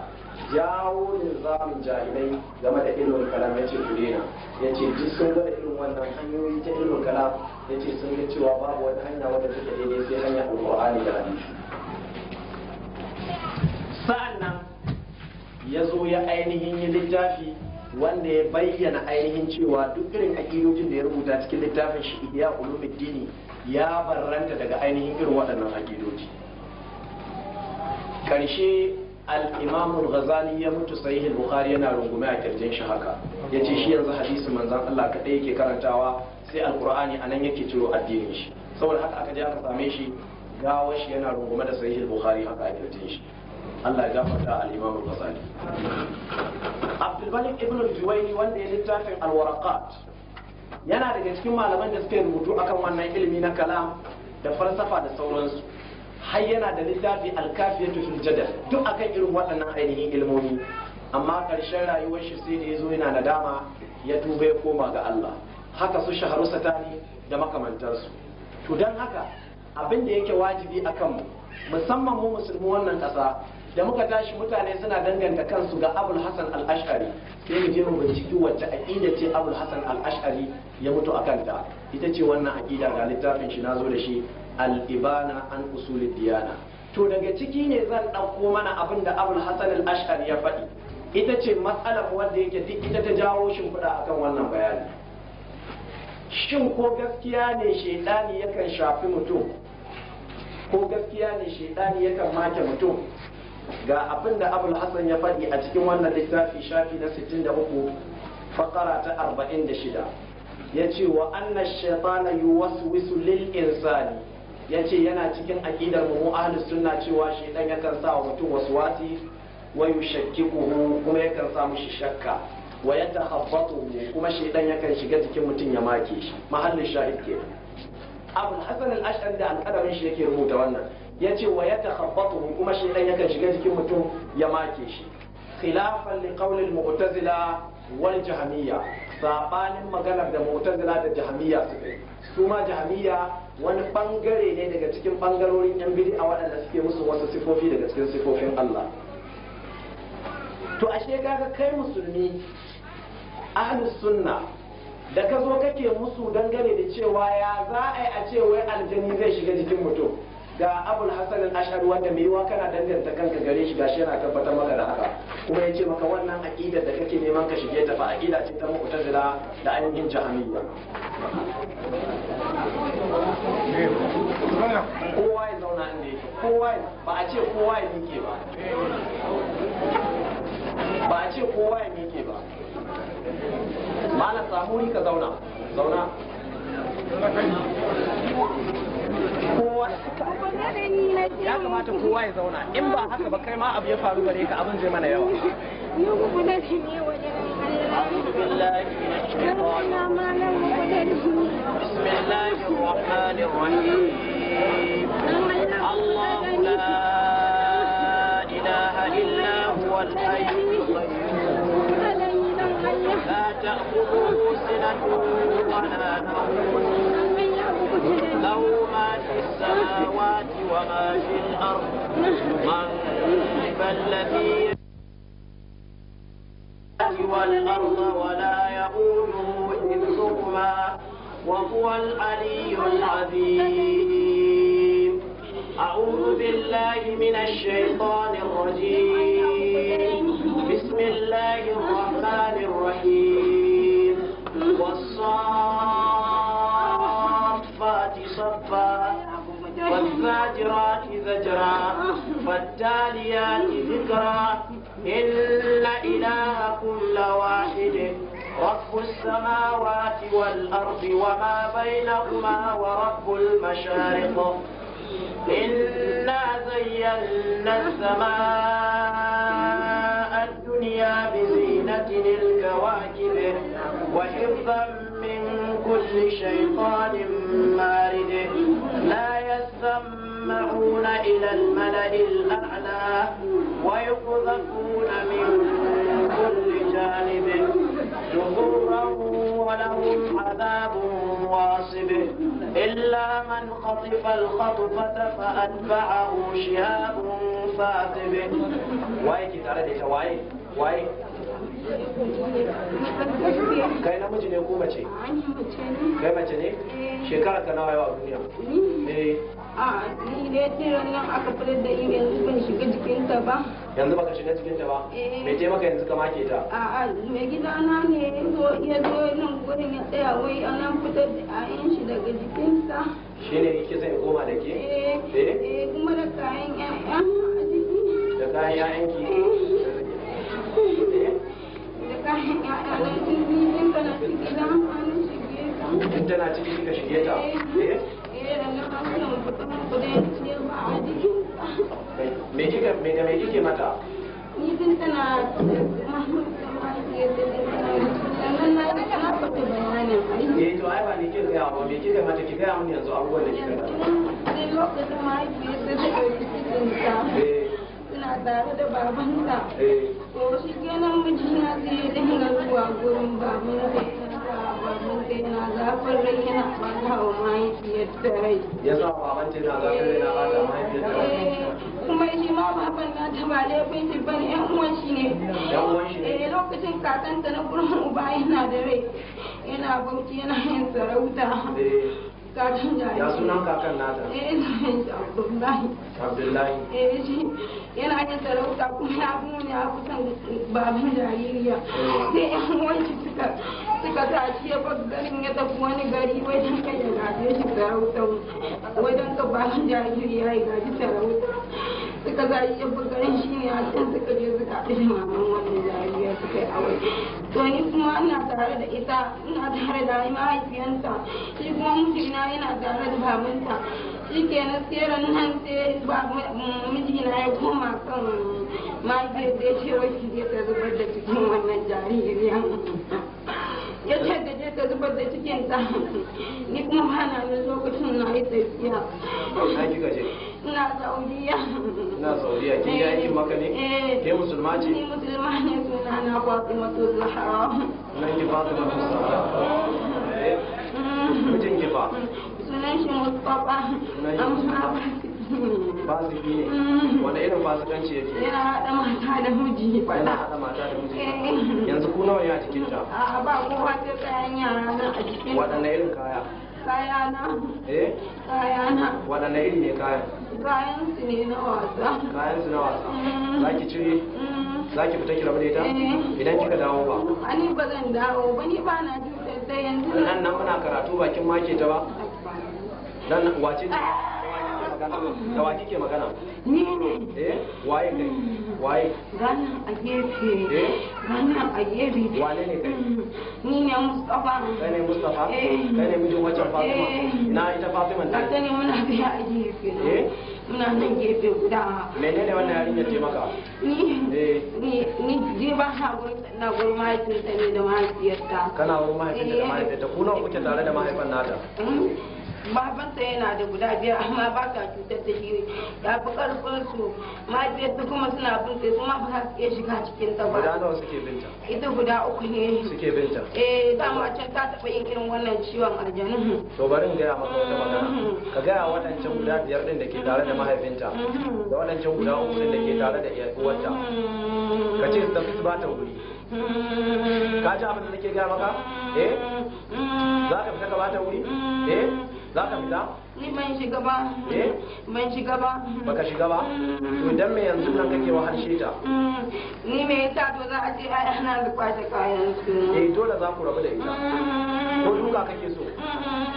jawo nizamin jahilai game da ilmin kalam ya ce kurena ya ce duk sun gwada irin wannan hanyoyi ta ilmin kalam ya ce sun ga cewa babu wata hanya wadda take daidai sai hanya alƙur'ani da hadisi sa'an ya zo ya ainihin yi littafi wanda ya bayyana ainihin cewa duk irin aƙidojin da ya rubuta cikin littafin shi iya ulumuddini ya barranta daga ainihin irin waɗannan aƙidoji Karshe al ghazali ya mutu sahih bukhari yana rungume a kirjin shi haka yace shi yanzu hadisi Manzan Allah kaɗai yake karantawa sai a nan yake ciro addinin shi saboda haka aka je aka same shi gawar shi yana rungume da sahih bukhari haka a kirjin shi Allah ya gafarta al-Imam al-Ghazali Abdul Malik ibn al-Juwayni wanda ya littafin al-Waraqat yana daga cikin malaman da suke rubutu akan wannan ilimi na kalam da falsafa da sauransu har yana da littafi al-Kafiyatu fil Jadal duk akan irin waɗannan ainihin ilmomi amma karshen rayuwar shi sai da ya zo yana nadama ya tuba ya koma ga Allah haka su shaharu satani da makamantarsu to don haka abin da yake wajibi akan mu, musamman mu musulmi wannan ƙasa da muka tashi mutane suna danganta kansu ga abul hasan al-ash'ari sai mu je mu binciki wacce aqida ce abul hasan al-ash'ari ya mutu akan ta ita ce wannan aqida ga littafin shi nazo da shi al-ibana an usulid diyana to daga ciki ne zan ɗauko mana abin da abul hasan al-ash'ari ya faɗi ita ce matsalar wanda yake duk ita ta jawo shimfiɗa akan wannan bayani shin ko gaskiya ne shaidani yakan shafi mutum ko gaskiya ne shaidani yakan make mutum ga abin da abul hasan ya faɗi a cikin wannan littafi shafi na 63 fakara ta 46 ya ce wa annan shaitana yi wasu wisu lil insani ya ce yana cikin aƙidar mu ahlus sunna cewa shaitan kan sa wa mutum wasu wasi wa yushakkikuhu kuma ya kan sa mushi shakka wa ya yatakhabbatu kuma shaitan kan shiga jikin mutum ya make shi mahallin shahid ke abul hasan al da alƙalamin shi yake rubuta wannan ya ce wa ya takhabbatu kuma ɗan yakan shiga jikin mutum ya make shi khilafan li qawlil mu'tazila wal jahmiya saɓanin maganar da mu'tazila da jahmiya su yi su ma jahmiya wani ɓangare ne daga cikin ɓangarorin yan biri a waɗanda suke musu wasu sifofi daga cikin sifofin Allah to ashe kaga kai musulmi ahlus sunna da ka zo kake musu dangane da cewa ya za a yi a ce wai aljani zai shiga jikin mutum ga abul hasan al-ash'ari wanda mai yiwa kana danganta kanka gare shi gashi yana tabbatar maka da haka kuma yace maka wannan aqida da kake neman ka shige ta fa aqida ce ta mu'tazila da ainihin jahamiyya kowa ya zauna inda yake kowa ba a ce kowa ya nike ba ba a ce kowa ya nike ba malam sahuri ka zauna zauna ya kamata kowa ya zauna in ba haka ba kai ma abu ya faru gare ka abin zai mana yawa بسم الله الرحمن الرحيم الله لا لا تأخذه سنة ولا نوم له ما في السماوات وما في الأرض من فالذي والأرض ولا يقوله حفظهما وهو العلي العظيم أعوذ بالله من الشيطان الرجيم بسم الله الرحمن الرحيم والصالح الصفات صفا والزاجرات زجرا فالتاليات ذكرا إن كل واحد رب السماوات والأرض وما بينهما ورب المشارق إنا زينا السماء الدنيا بزينة الكواكب وحفظا من كل شيطان مارد لا يسمعون إلى الملأ الأعلى ويقذفون من كل جانب جذورا ولهم عذاب واصب إلا من خطف الخطفة فأتبعه شهاب فاتب واي كتارة ديشا kai namiji ne ko mace kai mace ne shekara ka nawa yawa duniya ne eh. a ni ne tiran nan aka fitar da ina yanzu ban shiga jikinta ba yanzu baka shiga jikinta ba eh. me ce maka yanzu ka make ta a a me gida na ne ya zo nan gurin ya tsaya wai an fitar da ayin shi daga jikinsa shi ne yake zai goma da ke eh, eh kuma da kayan ƴaƴan a jiki da kayan ki in tana ciki kika shige ta me kika me da me kike mata ni din tana Eh to ai ba ni ba me kika mata kika gaya mun yanzu abubuwan da mata. lokacin da Ana tare da babanta to shi kenan mijina sai ya dinga zuwa gurin baban zai baban zai na zafin rai yana bata wa mahaifiyar da rai ya sa baban ce na zafin rai na bata mahaifiyar da rai eh, kuma shi ma baban na ta ba laifin shi bane yan uwan shi ne yan uwan shi ne eh, lokacin kakanta na gurin uba yana da rai yana bauchi yana yin sarauta eh. kakan jari ya sunan kakan nata eh sunan eh, abdullahi abdullahi eh shi eh, yana yin sarauta kuma ya kuma ne a kusan baban jaririya eh. sai yan wanci suka suka tashi ya bar garin ya tafi wani gari wajen kai ya gaje shi sarauta wajen ka baban jaririya ya gaji sarauta suka gaji ya bar garin shi ne a can suka je suka jariri da suka yi aure to ni kuma ina tare da ita ina tare da mahaifiyanta shi kuma mijina yana tare da babanta shi na sai nan sai mijina ya koma kan mahaifiyar da ya ce wai ki je ta zubar da cikin wannan jaririyan ya ce da je ta zubar da cikin ta ni kuma ba na lokacin na yi tafiya ina saudiya ina saudiya kin ga maka ne eh. ke musulma ce ni musulma ne suna na fatima to zahara nan ki fatima to zahara eh. eh, mijin ki fa sunan shi mustafa amma fasiki ne mm. wanda irin fasikanci yake yana haɗa mata da miji yana haɗa mata da miji yanzu ku nawa ya a cikin ta a ba kowa sai kayan yara nan a cikin waɗanne irin kaya Kayana. Eh? Kayana. Waɗanne iri ne kayan? Kayan su ne na wasa. Kayan su na wasa. Mm. Za ki cire? Mm. Za ki fita kira da ita? Eh. Idan kika dawo ba? Ani ba zan dawo ba ni ba na jin sai yanzu. Nan nan muna karatu bakin make ta ba? Dan wace ah. magana da wa kike magana ni ne eh waye kai waye gani a gefe eh gani a gefe wane ne kai ni ne mustafa kai ne mustafa eh. kai ne mijin wajen fatima eh. na ita fatima ta ta ne muna biya a gefe eh muna nan gefe guda menene wannan yarinya ce maka ni eh. ni ni je ba ha na gurin mahaifinta ne da mahaifiyarta kana gurin ne da mahaifiyarta ku nawa kuke tare da mahaifan nata babansa yana da guda biyar amma ba sa cutar da shi ya fi karfin su mahaifiyarsa kuma suna bin sai kuma ba su iya shiga cikin ta ba guda nawa suke binta ita guda uku ne suke binta eh dama can ta taɓa yin irin wannan ciwon aljanu to bari in gaya maka wata magana mm-hmm. ka gaya waɗancan guda biyar ɗin da ke tare da mm-hmm. mahaifinta da waɗancan guda uku ɗin da ke tare da uwarta mm-hmm. ka ce su tafi su ba ta wuri ka ji abin da nake gaya maka eh za ka fita gaba ta wuri eh za ka fita ni ban shiga ba eh ban shiga ba baka shiga ba to idan me yanzu nan kake wa harshe ta ni me yasa to za a ce ai ana da kwashe kayan su eh dole za ku rabu da ita ko duka kake so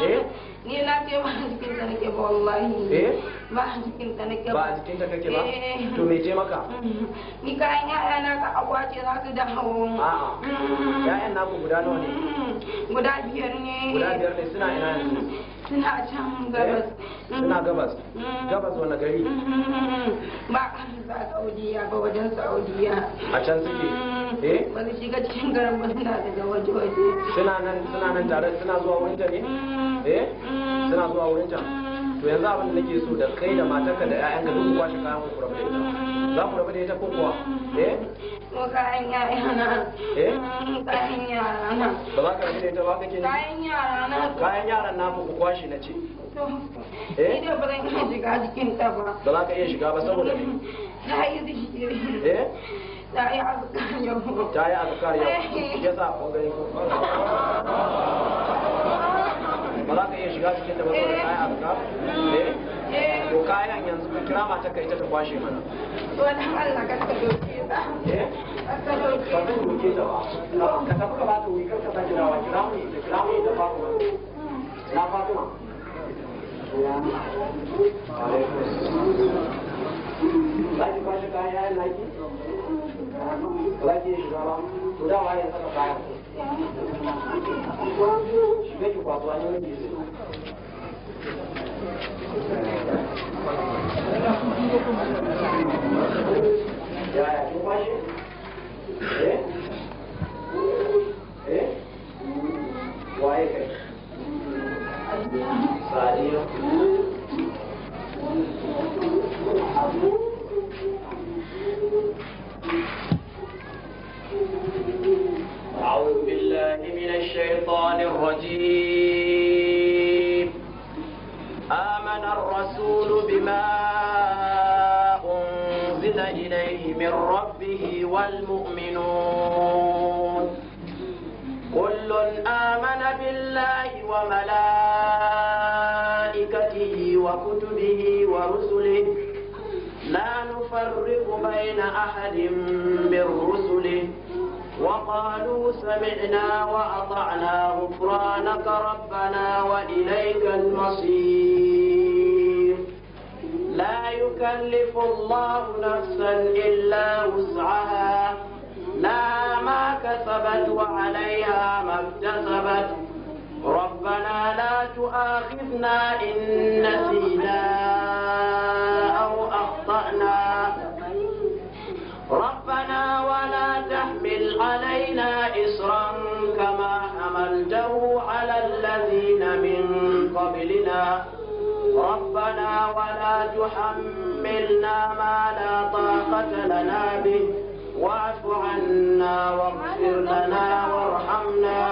eh ni lafiya ba a jikin ta nake ba wallahi eh ba a jikin ta nake ba a jikin ta kake ba to me je maka ni kayan yaya na ka akwace za su dawo a'a yayan naku guda nawa ne guda biyar ne guda biyar ne suna ina yanzu suna can gabas suna gabas gabas wani gari ba a saudiya ba wajen saudiya a can suke eh ba su shiga cikin garin ba suna daga waje waje suna nan suna nan tare suna zuwa wajen ne eh suna mm. zuwa wurin can mm. to yanzu abin da nake so da kai da matarka da ka duk kwashe kayan ku rabu da ita mm. za ku rabu da ita ko kuwa eh? kayan eh kayan ba za ka kayan yaran na ku kwashe na ce eh? ba ta za ka iya shiga ba saboda yi eh ta yi azkar yau ta yi azkar yau eh. ba za ka iya shiga cikin da ba da kaya a ka Ko eh? eh. kayan yanzu ka kira mata kai ta ta kwashe mana to dan Allah ka ta doke eh? ta ka doke ba zan doke ta ba ka tafi ka ba ta wuri kar ka sake dawa kira mu ita kira mu ita Fatima na Fatima Laki kwashe kaya ya laki? Laki ya shiga ba? To dama ya saka kaya. Vedi qua, qua non dice. Ya, tu pace? Eh? Eh? Why is Sadio. Thank you. أعوذ بالله من الشيطان الرجيم آمن الرسول بما أنزل إليه من ربه والمؤمنون كل آمن بالله وملائكته وكتبه ورسله لا نفرق بين أحد من رسله وقالوا سمعنا وأطعنا غفرانك ربنا وإليك المصير لا يكلف الله نفسا إلا وسعها لها ما كسبت وعليها ما اكتسبت ربنا لا تؤاخذنا إن نسينا أو أخطأنا ربنا ولا تحمل علينا إصرا كما حملته على الذين من قبلنا ربنا ولا تحملنا ما لا طاقة لنا به واعف عنا واغفر لنا وارحمنا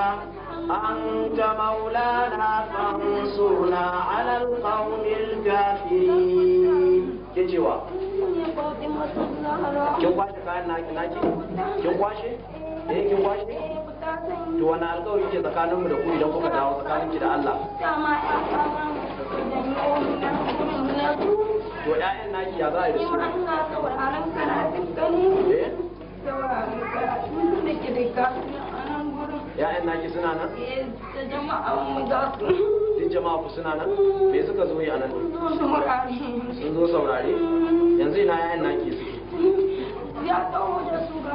أنت مولانا فانصرنا على القوم الكافرين kin kwashe kayan na naki kin kwashe eh kin kwashe to wani alƙawari ke tsakanin mu da ku idan kuka dawo tsakanin ki da Allah to ƴaƴan naki ya za a yi da su ya'yan eh? naki suna nan? da jama'a mu za su duk jama'a ku suna nan me suka zo yi a nan sun zo saurari. yanzu ina yayan naki suke ya tsawo da su ga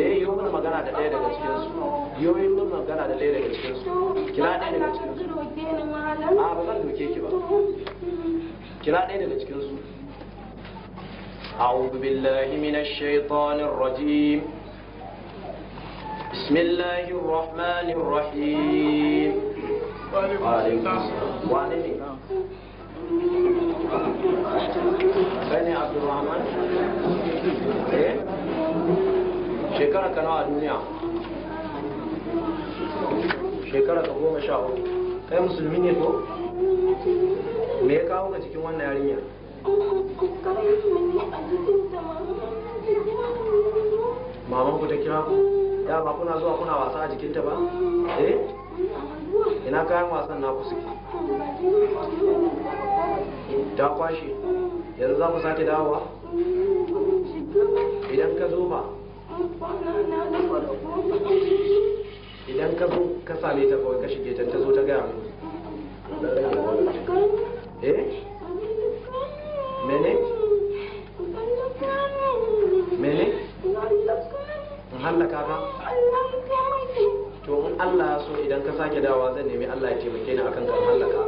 eh yi mun magana da ɗaya daga cikin su yi mun magana da ɗaya daga cikin su kira ɗaya daga cikin su a ba zan doke ki ba kira ɗaya daga cikin su أعوذ بالله من الشيطان الرجيم بسم الله الرحمن الرحيم وعليكم السلام ne abdulrahman eh? shekara ka nawa duniya shekara ka goma kai musulmi ne ko me ya kawo ka cikin wannan yarinya maman ku ta kira ku ba kuna zuwa kuna wasa a jikinta ba eh ina kayan wasan na ku suke ta kwashe yanzu za mu sake dawowa idan ka zo ba idan ka zo ka same ta kawai ka shige ta ta zo ta gaya mu eh mene mene in hallaka ka to in Allah ya so idan ka sake dawa zan nemi Allah ya taimake ni akan kan hallaka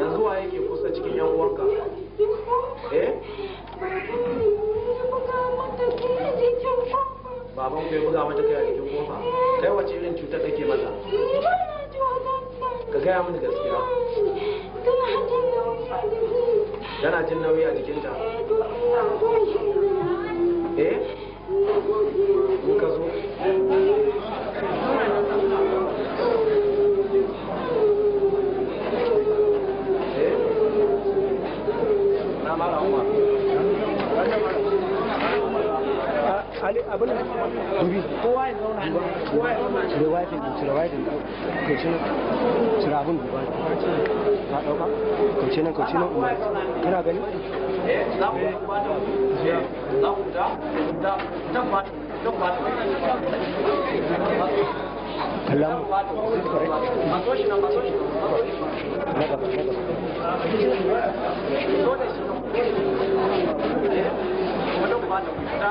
yanzu wa yake kusa cikin yan uwanka eh baban ku ya buga mata kai a jikin kofa kai wace irin cutar take mata ka gaya mini gaskiya tana jin nauyi a jikinta É? Não casou. É? Na mala uma. abin dubi kowa ya zauna kowa ya zauna abin duba ka dauka kauce kana gani za ku ba da za ku da da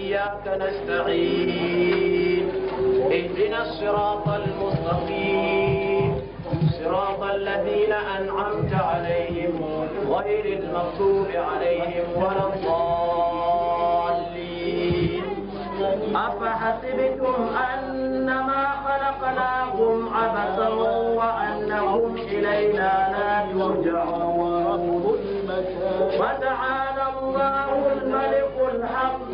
نستعين اهدنا الصراط المستقيم صراط الذين أنعمت عليهم غير المغضوب عليهم ولا الضالين أفحسبتم أنما خلقناهم عبثا وأنهم إلينا لا يرجعون فتعالى الله الملك الحق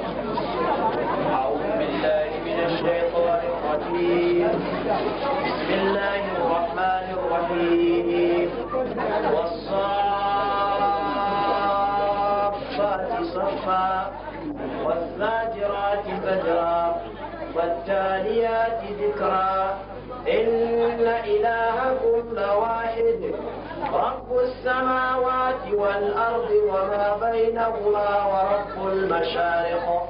والفاجرات فجرا والتاليات ذكرا إن إلهكم لواحد رب السماوات والأرض وما بينهما ورب المشارق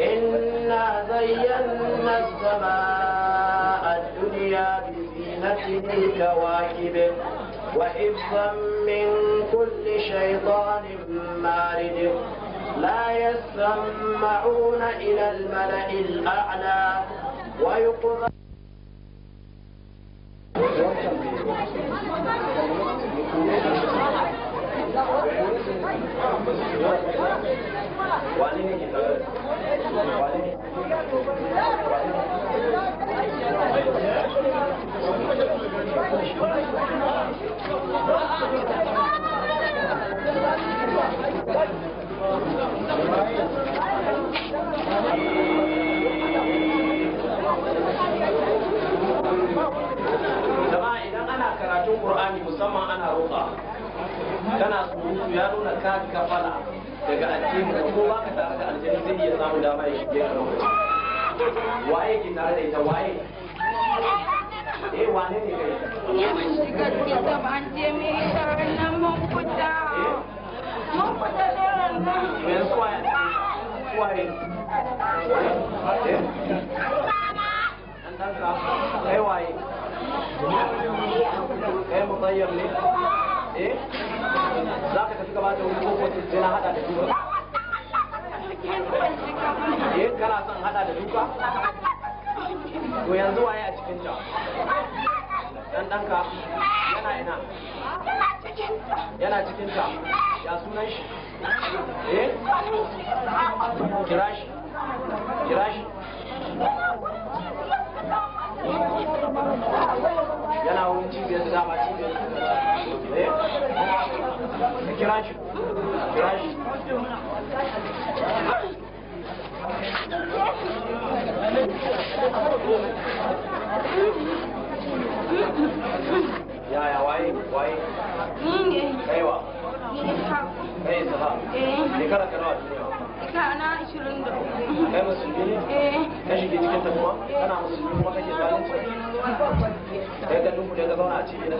إنا زينا السماء الدنيا بزينة الكواكب وحفظا من كل شيطان مارد لا يسمعون إلى الملأ الأعلى ويقضى kana surutu ya nuna ka kafala daga addini ko ba ka tare da aljani zai iya samu dama ya shige ka waye tare da ita waye eh wane ne kai mun shiga cikin mun fita eh? mun fita waye eh? ne eh za ka tafi gaba da wani koko sai na hada da duka eh kana son hada da duka to yanzu waye a cikin ta dan danka yana ina yana cikin ta ya sunan shi eh kira shi kira shi yana wurin cibiyar da dama Tirante. Tirante. Yeah, yeah, why? Why? Ninguém. Hey, what? Ninguém na na 23 kai musulmi ne eh. ka shige cikin kuma kana musulmi kuma kake zalunci kai ka dubu da zauna a cikin da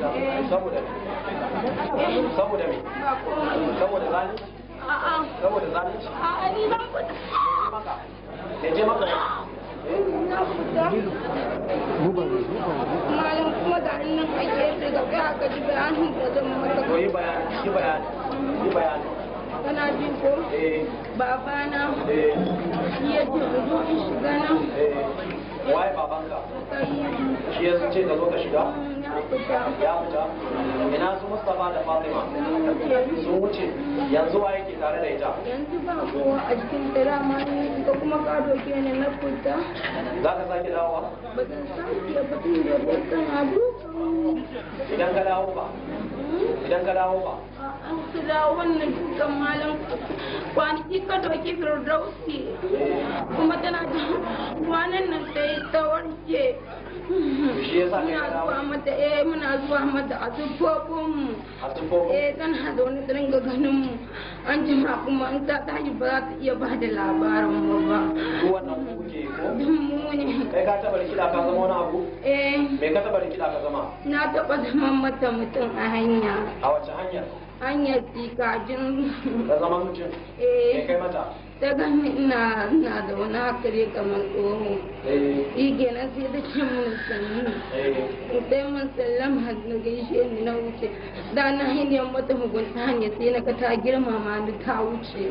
saboda saboda me saboda zalunci saboda zalunci a ni ban kuɗa ne je maka eh? malam kuma ga nan ake daga kai aka ji bayanin da zan mata. Ko yi bayani, yi bayani, yi bayani. kana ji ko eh. babana eh. shi ya ce ku zo in shiga eh. shi ya ce ka zo ka shiga mm. ya ina su Mustapha da Fatima sun wuce yanzu tare da ita yanzu ba kowa a cikin tsira ma ne ka kuma ka doke ne na fita za ka sake dawowa ba zan sake ba tun da ba zan idan ka dawo ba hmm? idan ka dawo ba an su dawo wannan dukkan malam kwanaki ka doki firdausi kuma tana da kwanan nan sai ta warke muna zuwa mata eh muna zuwa mata a tuffofin mu eh tana da wani tsirin ganin mu an jima kuma in ta tashi ba za ta iya ba da labarin mu ba wannan kuke ko mu ne kai ka taba rikida ka zama wani abu eh me ka taba rikida ka zama na taba zama mata mutum a hanya a wace hanya hanyar tikajin ka zama mutum eh kai mata ta gani ina na da wani hakari kamar tsoho eh. shi kenan sai da ce mun sanyi eh. sai mun sallam hannu gaishe ni na wuce da na hanyar mata mugunta hanya sai na ka ta girmama ni ta wuce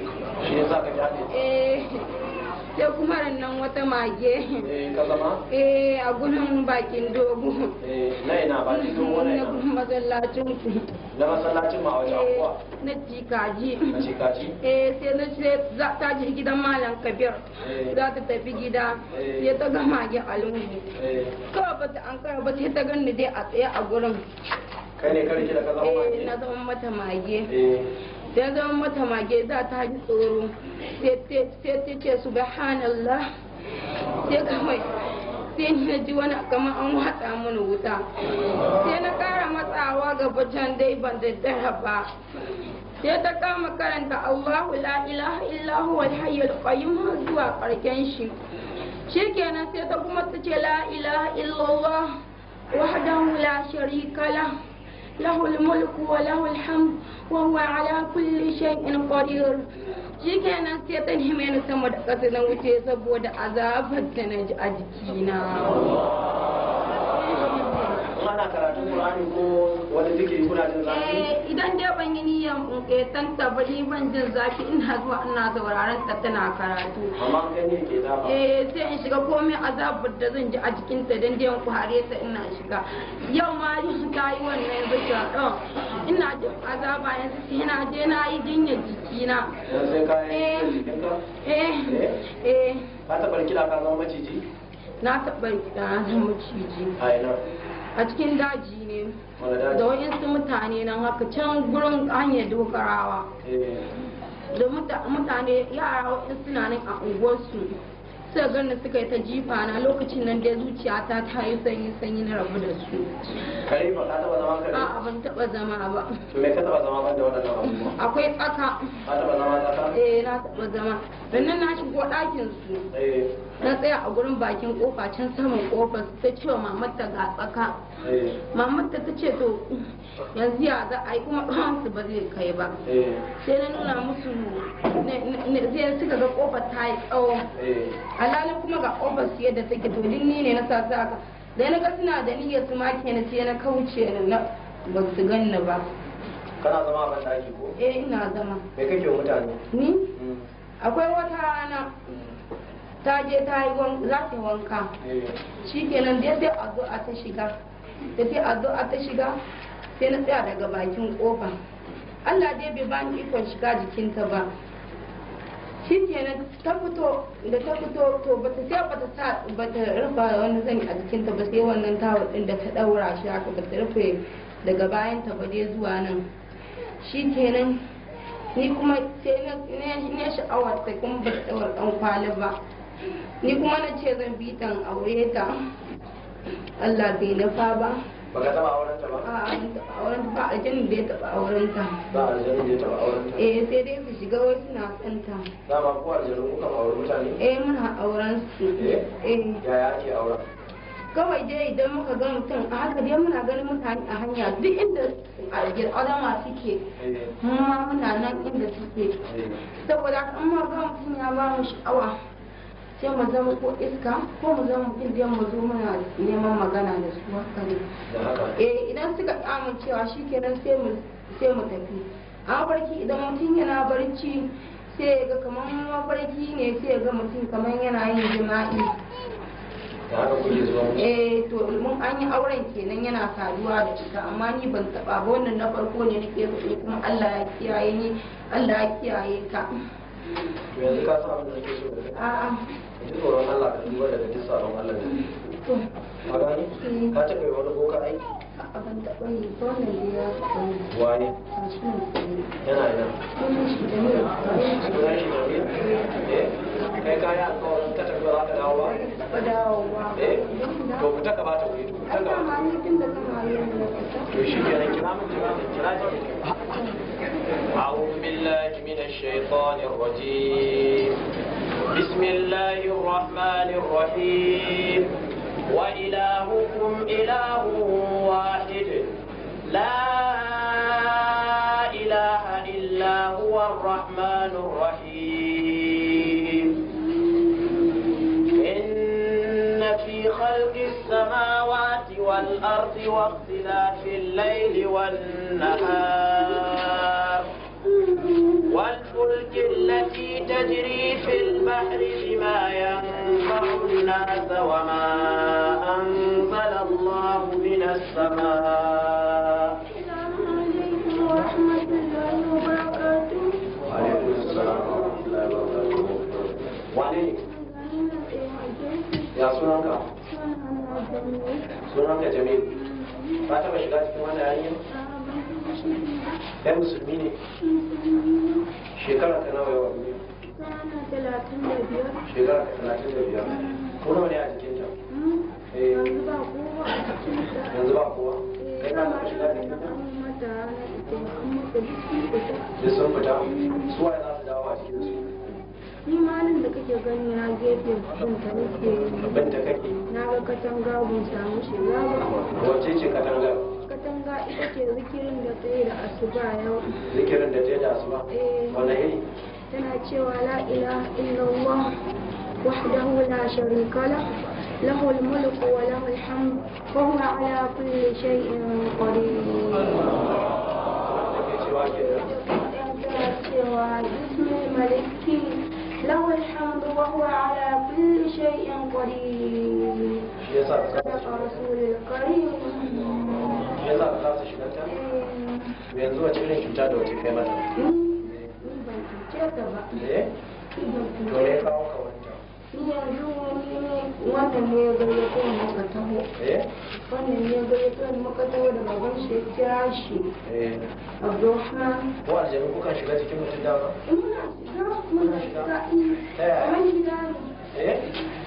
eh sai kuma rannan wata mage eh ka zama eh a gudun bakin dogo eh na ina ba bakin dogo na ina masallacin ku na masallacin ma wajen eh, kuwa na jikaji na jikaji eh sai na ce za ta je gidan malam kabir eh. za ta tafi gida eh. sai ta ga mage a lungu ba ta an kara ba sai ta ganni dai a tsaye a gurin kai ne kare ki da ka zama mage eh na zama mata mage eh da zama mata mage za ta ji tsoro sai ta ce su, subhanallah sai kawai sai na ji wani kamar an watsa mini wuta sai na kara matsawa ga bajan dai ban daddara ba sai ta kama karanta Allahu la ilaha illahu huwa zuwa karken shi shikenan sai ta kuma ta ce la ilaha illallah wahdahu la sharika kala. له الملك وله الحمد وهو على كل شيء قدير شكينا سيطان همين سمد قصدنا وتيسب ودعذاب السنج أجكينا ana karatun Qur'ani ko wani zikiri kuna jin zafi eh, idan dai ban yi niyan ƙetan tabari ban jin zafi ina zuwa ina sauraron ta tana karatu amma kai ne ke zafa eh sai in shiga komai azabar da zan ji a jikin ta dan dai kware ta ina shiga yau ma ta yi wannan zuciya din oh, ina jin azaba yanzu sai na je na yi jinyar jikina sai ka yi eh, jikinka eh, eh eh ka taɓa kila ka zama maciji na taɓa kila na zama maciji a ina a cikin daji ne da waɗansu mutane nan haka can gurin hanyar dokarawa. Eh. da mutane yara waɗansu suna nan a unguwarsu suka gani suka yi ta jifa na lokacin nan da zuciyata ta yi sanyi sanyi na rabu da su kai ba ka taba zama kare a ban taba zama ba me ka taba zama ban da wannan abubuwa akwai tsaka ka taba zama tsaka eh na taba zama dan nan na shigo dakin su eh Na tsaya a gurin bakin kofa can saman kofar ta ce wa mamarta ga tsaka eh. mamatta ta ce to yanzu ya za a yi kuma ɗansu ba zai kai ba eh. sai na nuna musu zai suka ga kofar ta yi tsawo eh. alalin kuma ga kofar su yadda take to ni ne na sasa ka da na ga suna da niyyar su maki na sai na kauce na ba su ganni ba kana zama a ban ko eh ina zama me kake wa mutane ni mm. akwai wata rana mm. ta je ta yi za ta wanka eh. shikenan ya sai addu'a ta shiga da sai addu'a ta shiga sai na tsaya daga bakin kofa Allah dai bai bani ikon shiga jikinta ba shikenan ta fito da ta fito to bata sai ta sa ta rufa wani zani a jikinta ba sai wannan tawo din da ta daura shi haka ta rufe daga bayan ta ba dai zuwa nan shikenan ni kuma sai na sha'awar ta kuma bata daura dan kwali ba ni kuma na ce zan bi tan aure ta Allah bai nufa ba baka taba auren ta ba a aurenta ba a jin bai taba auren ta ba a jin bai taba auren ta eh sai dai ku shiga wai suna son ta da ba ko aljanu kuka auren mutane eh muna auren su eh, eh. yaya ake auren kawai dai idan muka ga mutum a haka dai muna ganin mutane a hanya duk inda alama suke eh. mu ma muna nan inda suke eh. saboda in ma ga mutum ya ba mu sha'awa sai mu zama ko iska ko mu zama mutum da mu zo muna neman magana da su haka ne eh, idan suka amincewa shi sai sai mu tafi a barki idan mutum yana barci sai ga kamar mafarki ne sai ga mutum kamar yana yin jima'i eh to mun an yi auren kenan yana saduwa da ita amma ni ban taba ba wannan na farko ne nake so kuma Allah ya kiyaye ni Allah ya kiyaye ka yanzu ka da kake so a'a ji tsoron Allah ka duba daga duk Allah da ne ka taɓa yi wani boka aiki waye yana yana shi eh kai kaya ka za ka dawo ba ba dawo ba eh to ku ta ta ta to shi kenan kira mun kira mun kira أعوذ بالله من الشيطان الرجيم بسم الله الرحمن الرحيم وإلهكم إله واحد لا إله إلا هو الرحمن الرحيم إن في خلق السماوات والأرض واختلاف الليل والنهار والفلك التي تجري في البحر بما ينفع الناس وما أنزل الله من السماء عليكم وعليكم السلام ورحمة الله وبركاته وعليكم سلام sunanka سلام jamil جميل ما shiga cikin wannan hanyar ɗan musulmi ne shekara ta nawa yawa ne shekara ta talatin da biyar ko nawa ne a jikin ta yanzu eh. ba kowa yanzu ba kowa kai ba ka shiga ɗin da sun fita su waye za su dawo a cikin su ni malin da kake gani na gefe kan ta nake ban ta kake na ga katanga ban samu shi. wace ce katanga katanga ita ce zikirin da tsaye da asuba yau zikirin da tsaye da asuba wanda iri tana cewa la ilaha illallah wahdahu la sharika la له الملك وله الحمد وهو على كل شيء قدير باسم الملك له الحمد وهو على كل شيء قدير صدق رسول الكريم Yanzu za ka shiga ta yanzu wace irin cuta da wace kai mata eh? to ne kawo ka wancan wannan ne ya gari ko muka taho eh? wannan ne ya gari ko muka taho da shi ya kira shi eh. abdulrahman ko aljanu kukan shiga cikin mutum dama shiga muna shiga ta yaya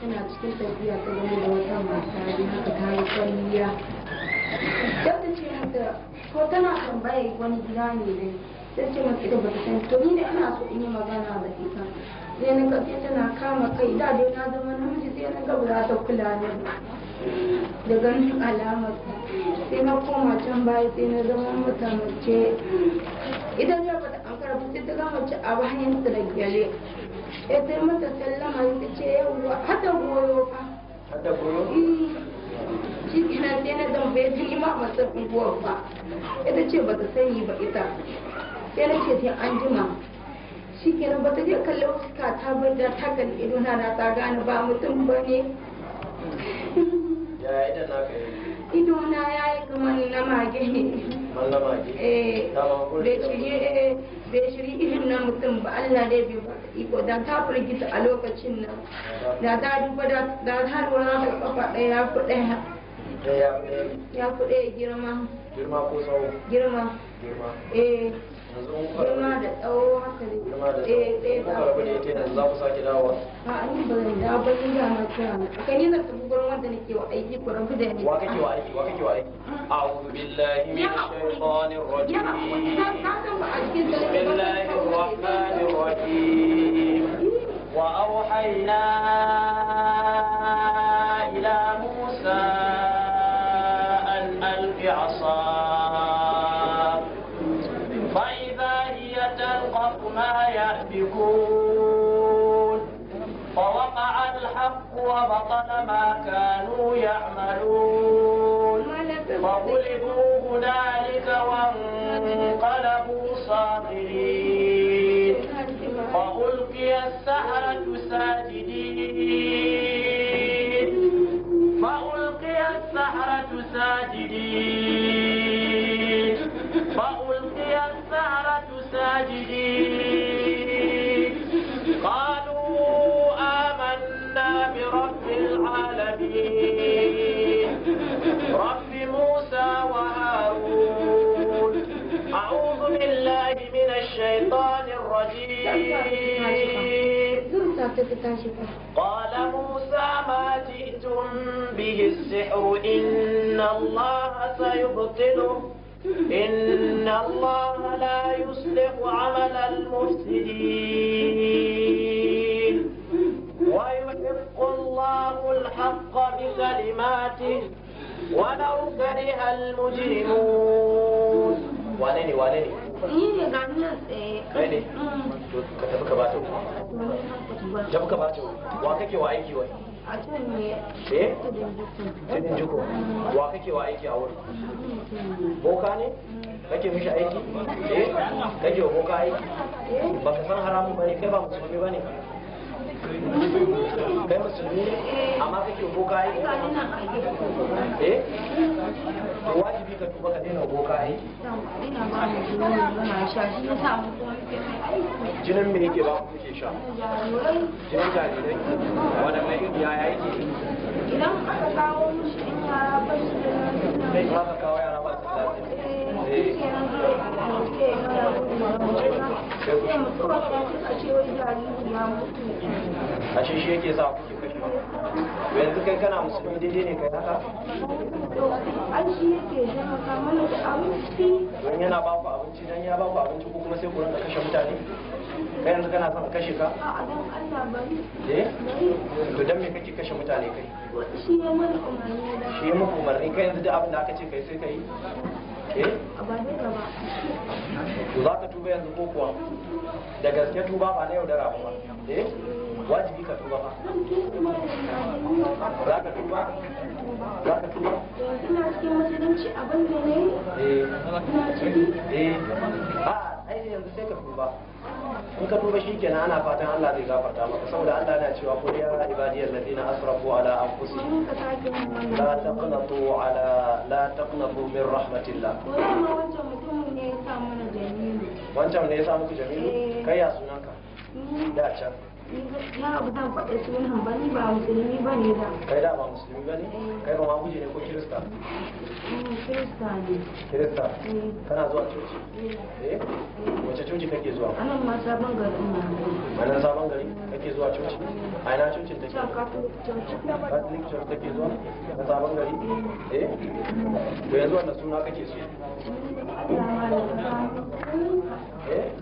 Tana cikin tafiya ta gani da wata mata ne haka ta yi kwalliya ta ce mata ko tana tambaye wani gida ne ne sai ce mata ita bata san to ni ne ina so in yi magana da ita sai na kace tana kama kai da dai na zama namiji sai na ga ba ta kula ne da ganin alamar sai na koma can baya sai na zama mata mace idan ya bata an karbi sai ta gama mace a bayan da gyale ya sai mata sallama ta ce yawwa hada goyo fa hada goyo hmm. shi kenan sai na zambaye ta nima masa unguwar fa ita ce ba ta sani ba ita sai na ce sai an jima shi kenan ba ta je kalli fuska ta bai da ta kalli ido na na ta gane ba mutum ba ne (laughs) ya yi na kai ido na yayi kamar na mage ne bai shiri irin na mutum ba Allah ne bai ba iko da ta firgita a lokacin nan da ta duba da da ta lura da kafa ɗaya ya fi ɗaya ya fi ɗaya girma girma ko tsawo girma eh girma da tsawo haka ne eh eh ba ka bari ita yanzu za ku sake dawowa a ni ba zan dawo ba ni da na kira na kai ne na tafi gurin wanda nake wa aiki ku rabu da ni wa kake wa aiki wa kake wa aiki a'udhu billahi minash shaitanir rajim ya hakuri na san ba a cikin bismillahir rahmanir rahim wa auhayna ila musa an alqi 'asaka يأفكون فوقع الحق وبطل ما كانوا يعملون فغلبوا هنالك وانقلبوا صاغرين فألقي السحرة ساجدين فألقي السحرة ساجدين فألقي السحرة الساجدين قالوا آمنا برب العالمين رب موسى وهارون أعوذ بالله من الشيطان الرجيم قال موسى ما جئتم به السحر إن الله سيبطله إن الله لا يصلح عمل المفسدين ويحق الله الحق بكلماته ولو كره المجرمون ولني ولني إيه؟ إيه؟ ka bata wa kake wa aiki wai eh tudin jiko wa kake wa aiki a wurin boka ne kake mishi aiki eh kake wa boka aiki eh? baka san haramun bane kai ba musulmi bane kai wajibi ka tuba ka daina boka aiki jinin yake ba kuke sha jinin jarirai waɗannan iri idan aka kawo mushi in yara ba su da yara ba su da a shi shi yake sa kuke kashe yanzu kai kana musulmi daidai ne kai haka an shi yake taimaka mana da abinci don yana ba ku abinci don ya ba ku abinci ko kuma sai ku rinka kashe mutane kai yanzu kana son kashe ka a don Allah bari eh to dan me kake kashe mutane kai shi ya mana umarni shi ya maka umarni kai yanzu duk abin da aka ce kai sai kai Eh? to za ka tuba yanzu ko kuwa da gaske tuba ba na yaudara ba eh wajibi ka tuba ba za ka tuba za ka tuba ina cikin musulunci abin da ne eh eh a ai yanzu sai ka tuba in ka duba shi kenan ana fatan Allah zai gafarta maka saboda Allah yana cewa qul ya ibadiyar ladina asrafu ala anfusihim la taqnatu ala la taqnatu min rahmatillah wancan ne ya samu jamilu eh. kai ya sunanka da can ya rabu zan ba musulmi ba ne kai da ba musulmi ba ne kai ba ma guje ne ko kirista mm, kirista ne kirista eh. kana zuwa coci eh. eh wace coci kake zuwa a nan ma sabon gari ma nan sabon gari kake zuwa coci a ina cocin take catholic church take zuwa na sabon gari eh, eh? to yanzu wannan suna kake so mm, eh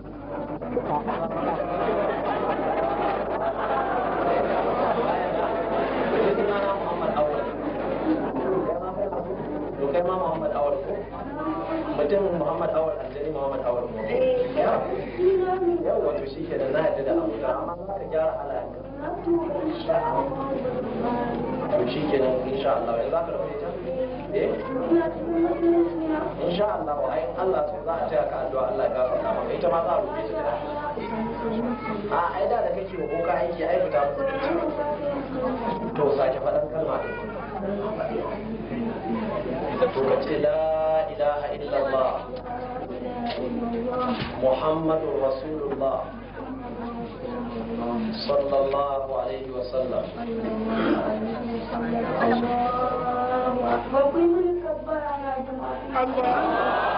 mutum Muhammad Awal Aljani Muhammad Awal Muhammad yau wato shi ke da na yadda da abu amma za ka gyara halayenka to shi ke nan insha Allah ya za ka rufe ta eh insha Allah wa ayin Allah to za a taya ka addu'a Allah ya gafarta maka ita ma za a rufe ta a ai da da kake ko ka aiki ai fita to sake faɗan kalma ɗin كلمة لا إله إلا الله محمد رسول الله صلى الله عليه وسلم الله أكبر الله الله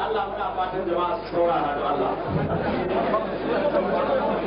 Allah muna fatan jama'a su saurara da Allah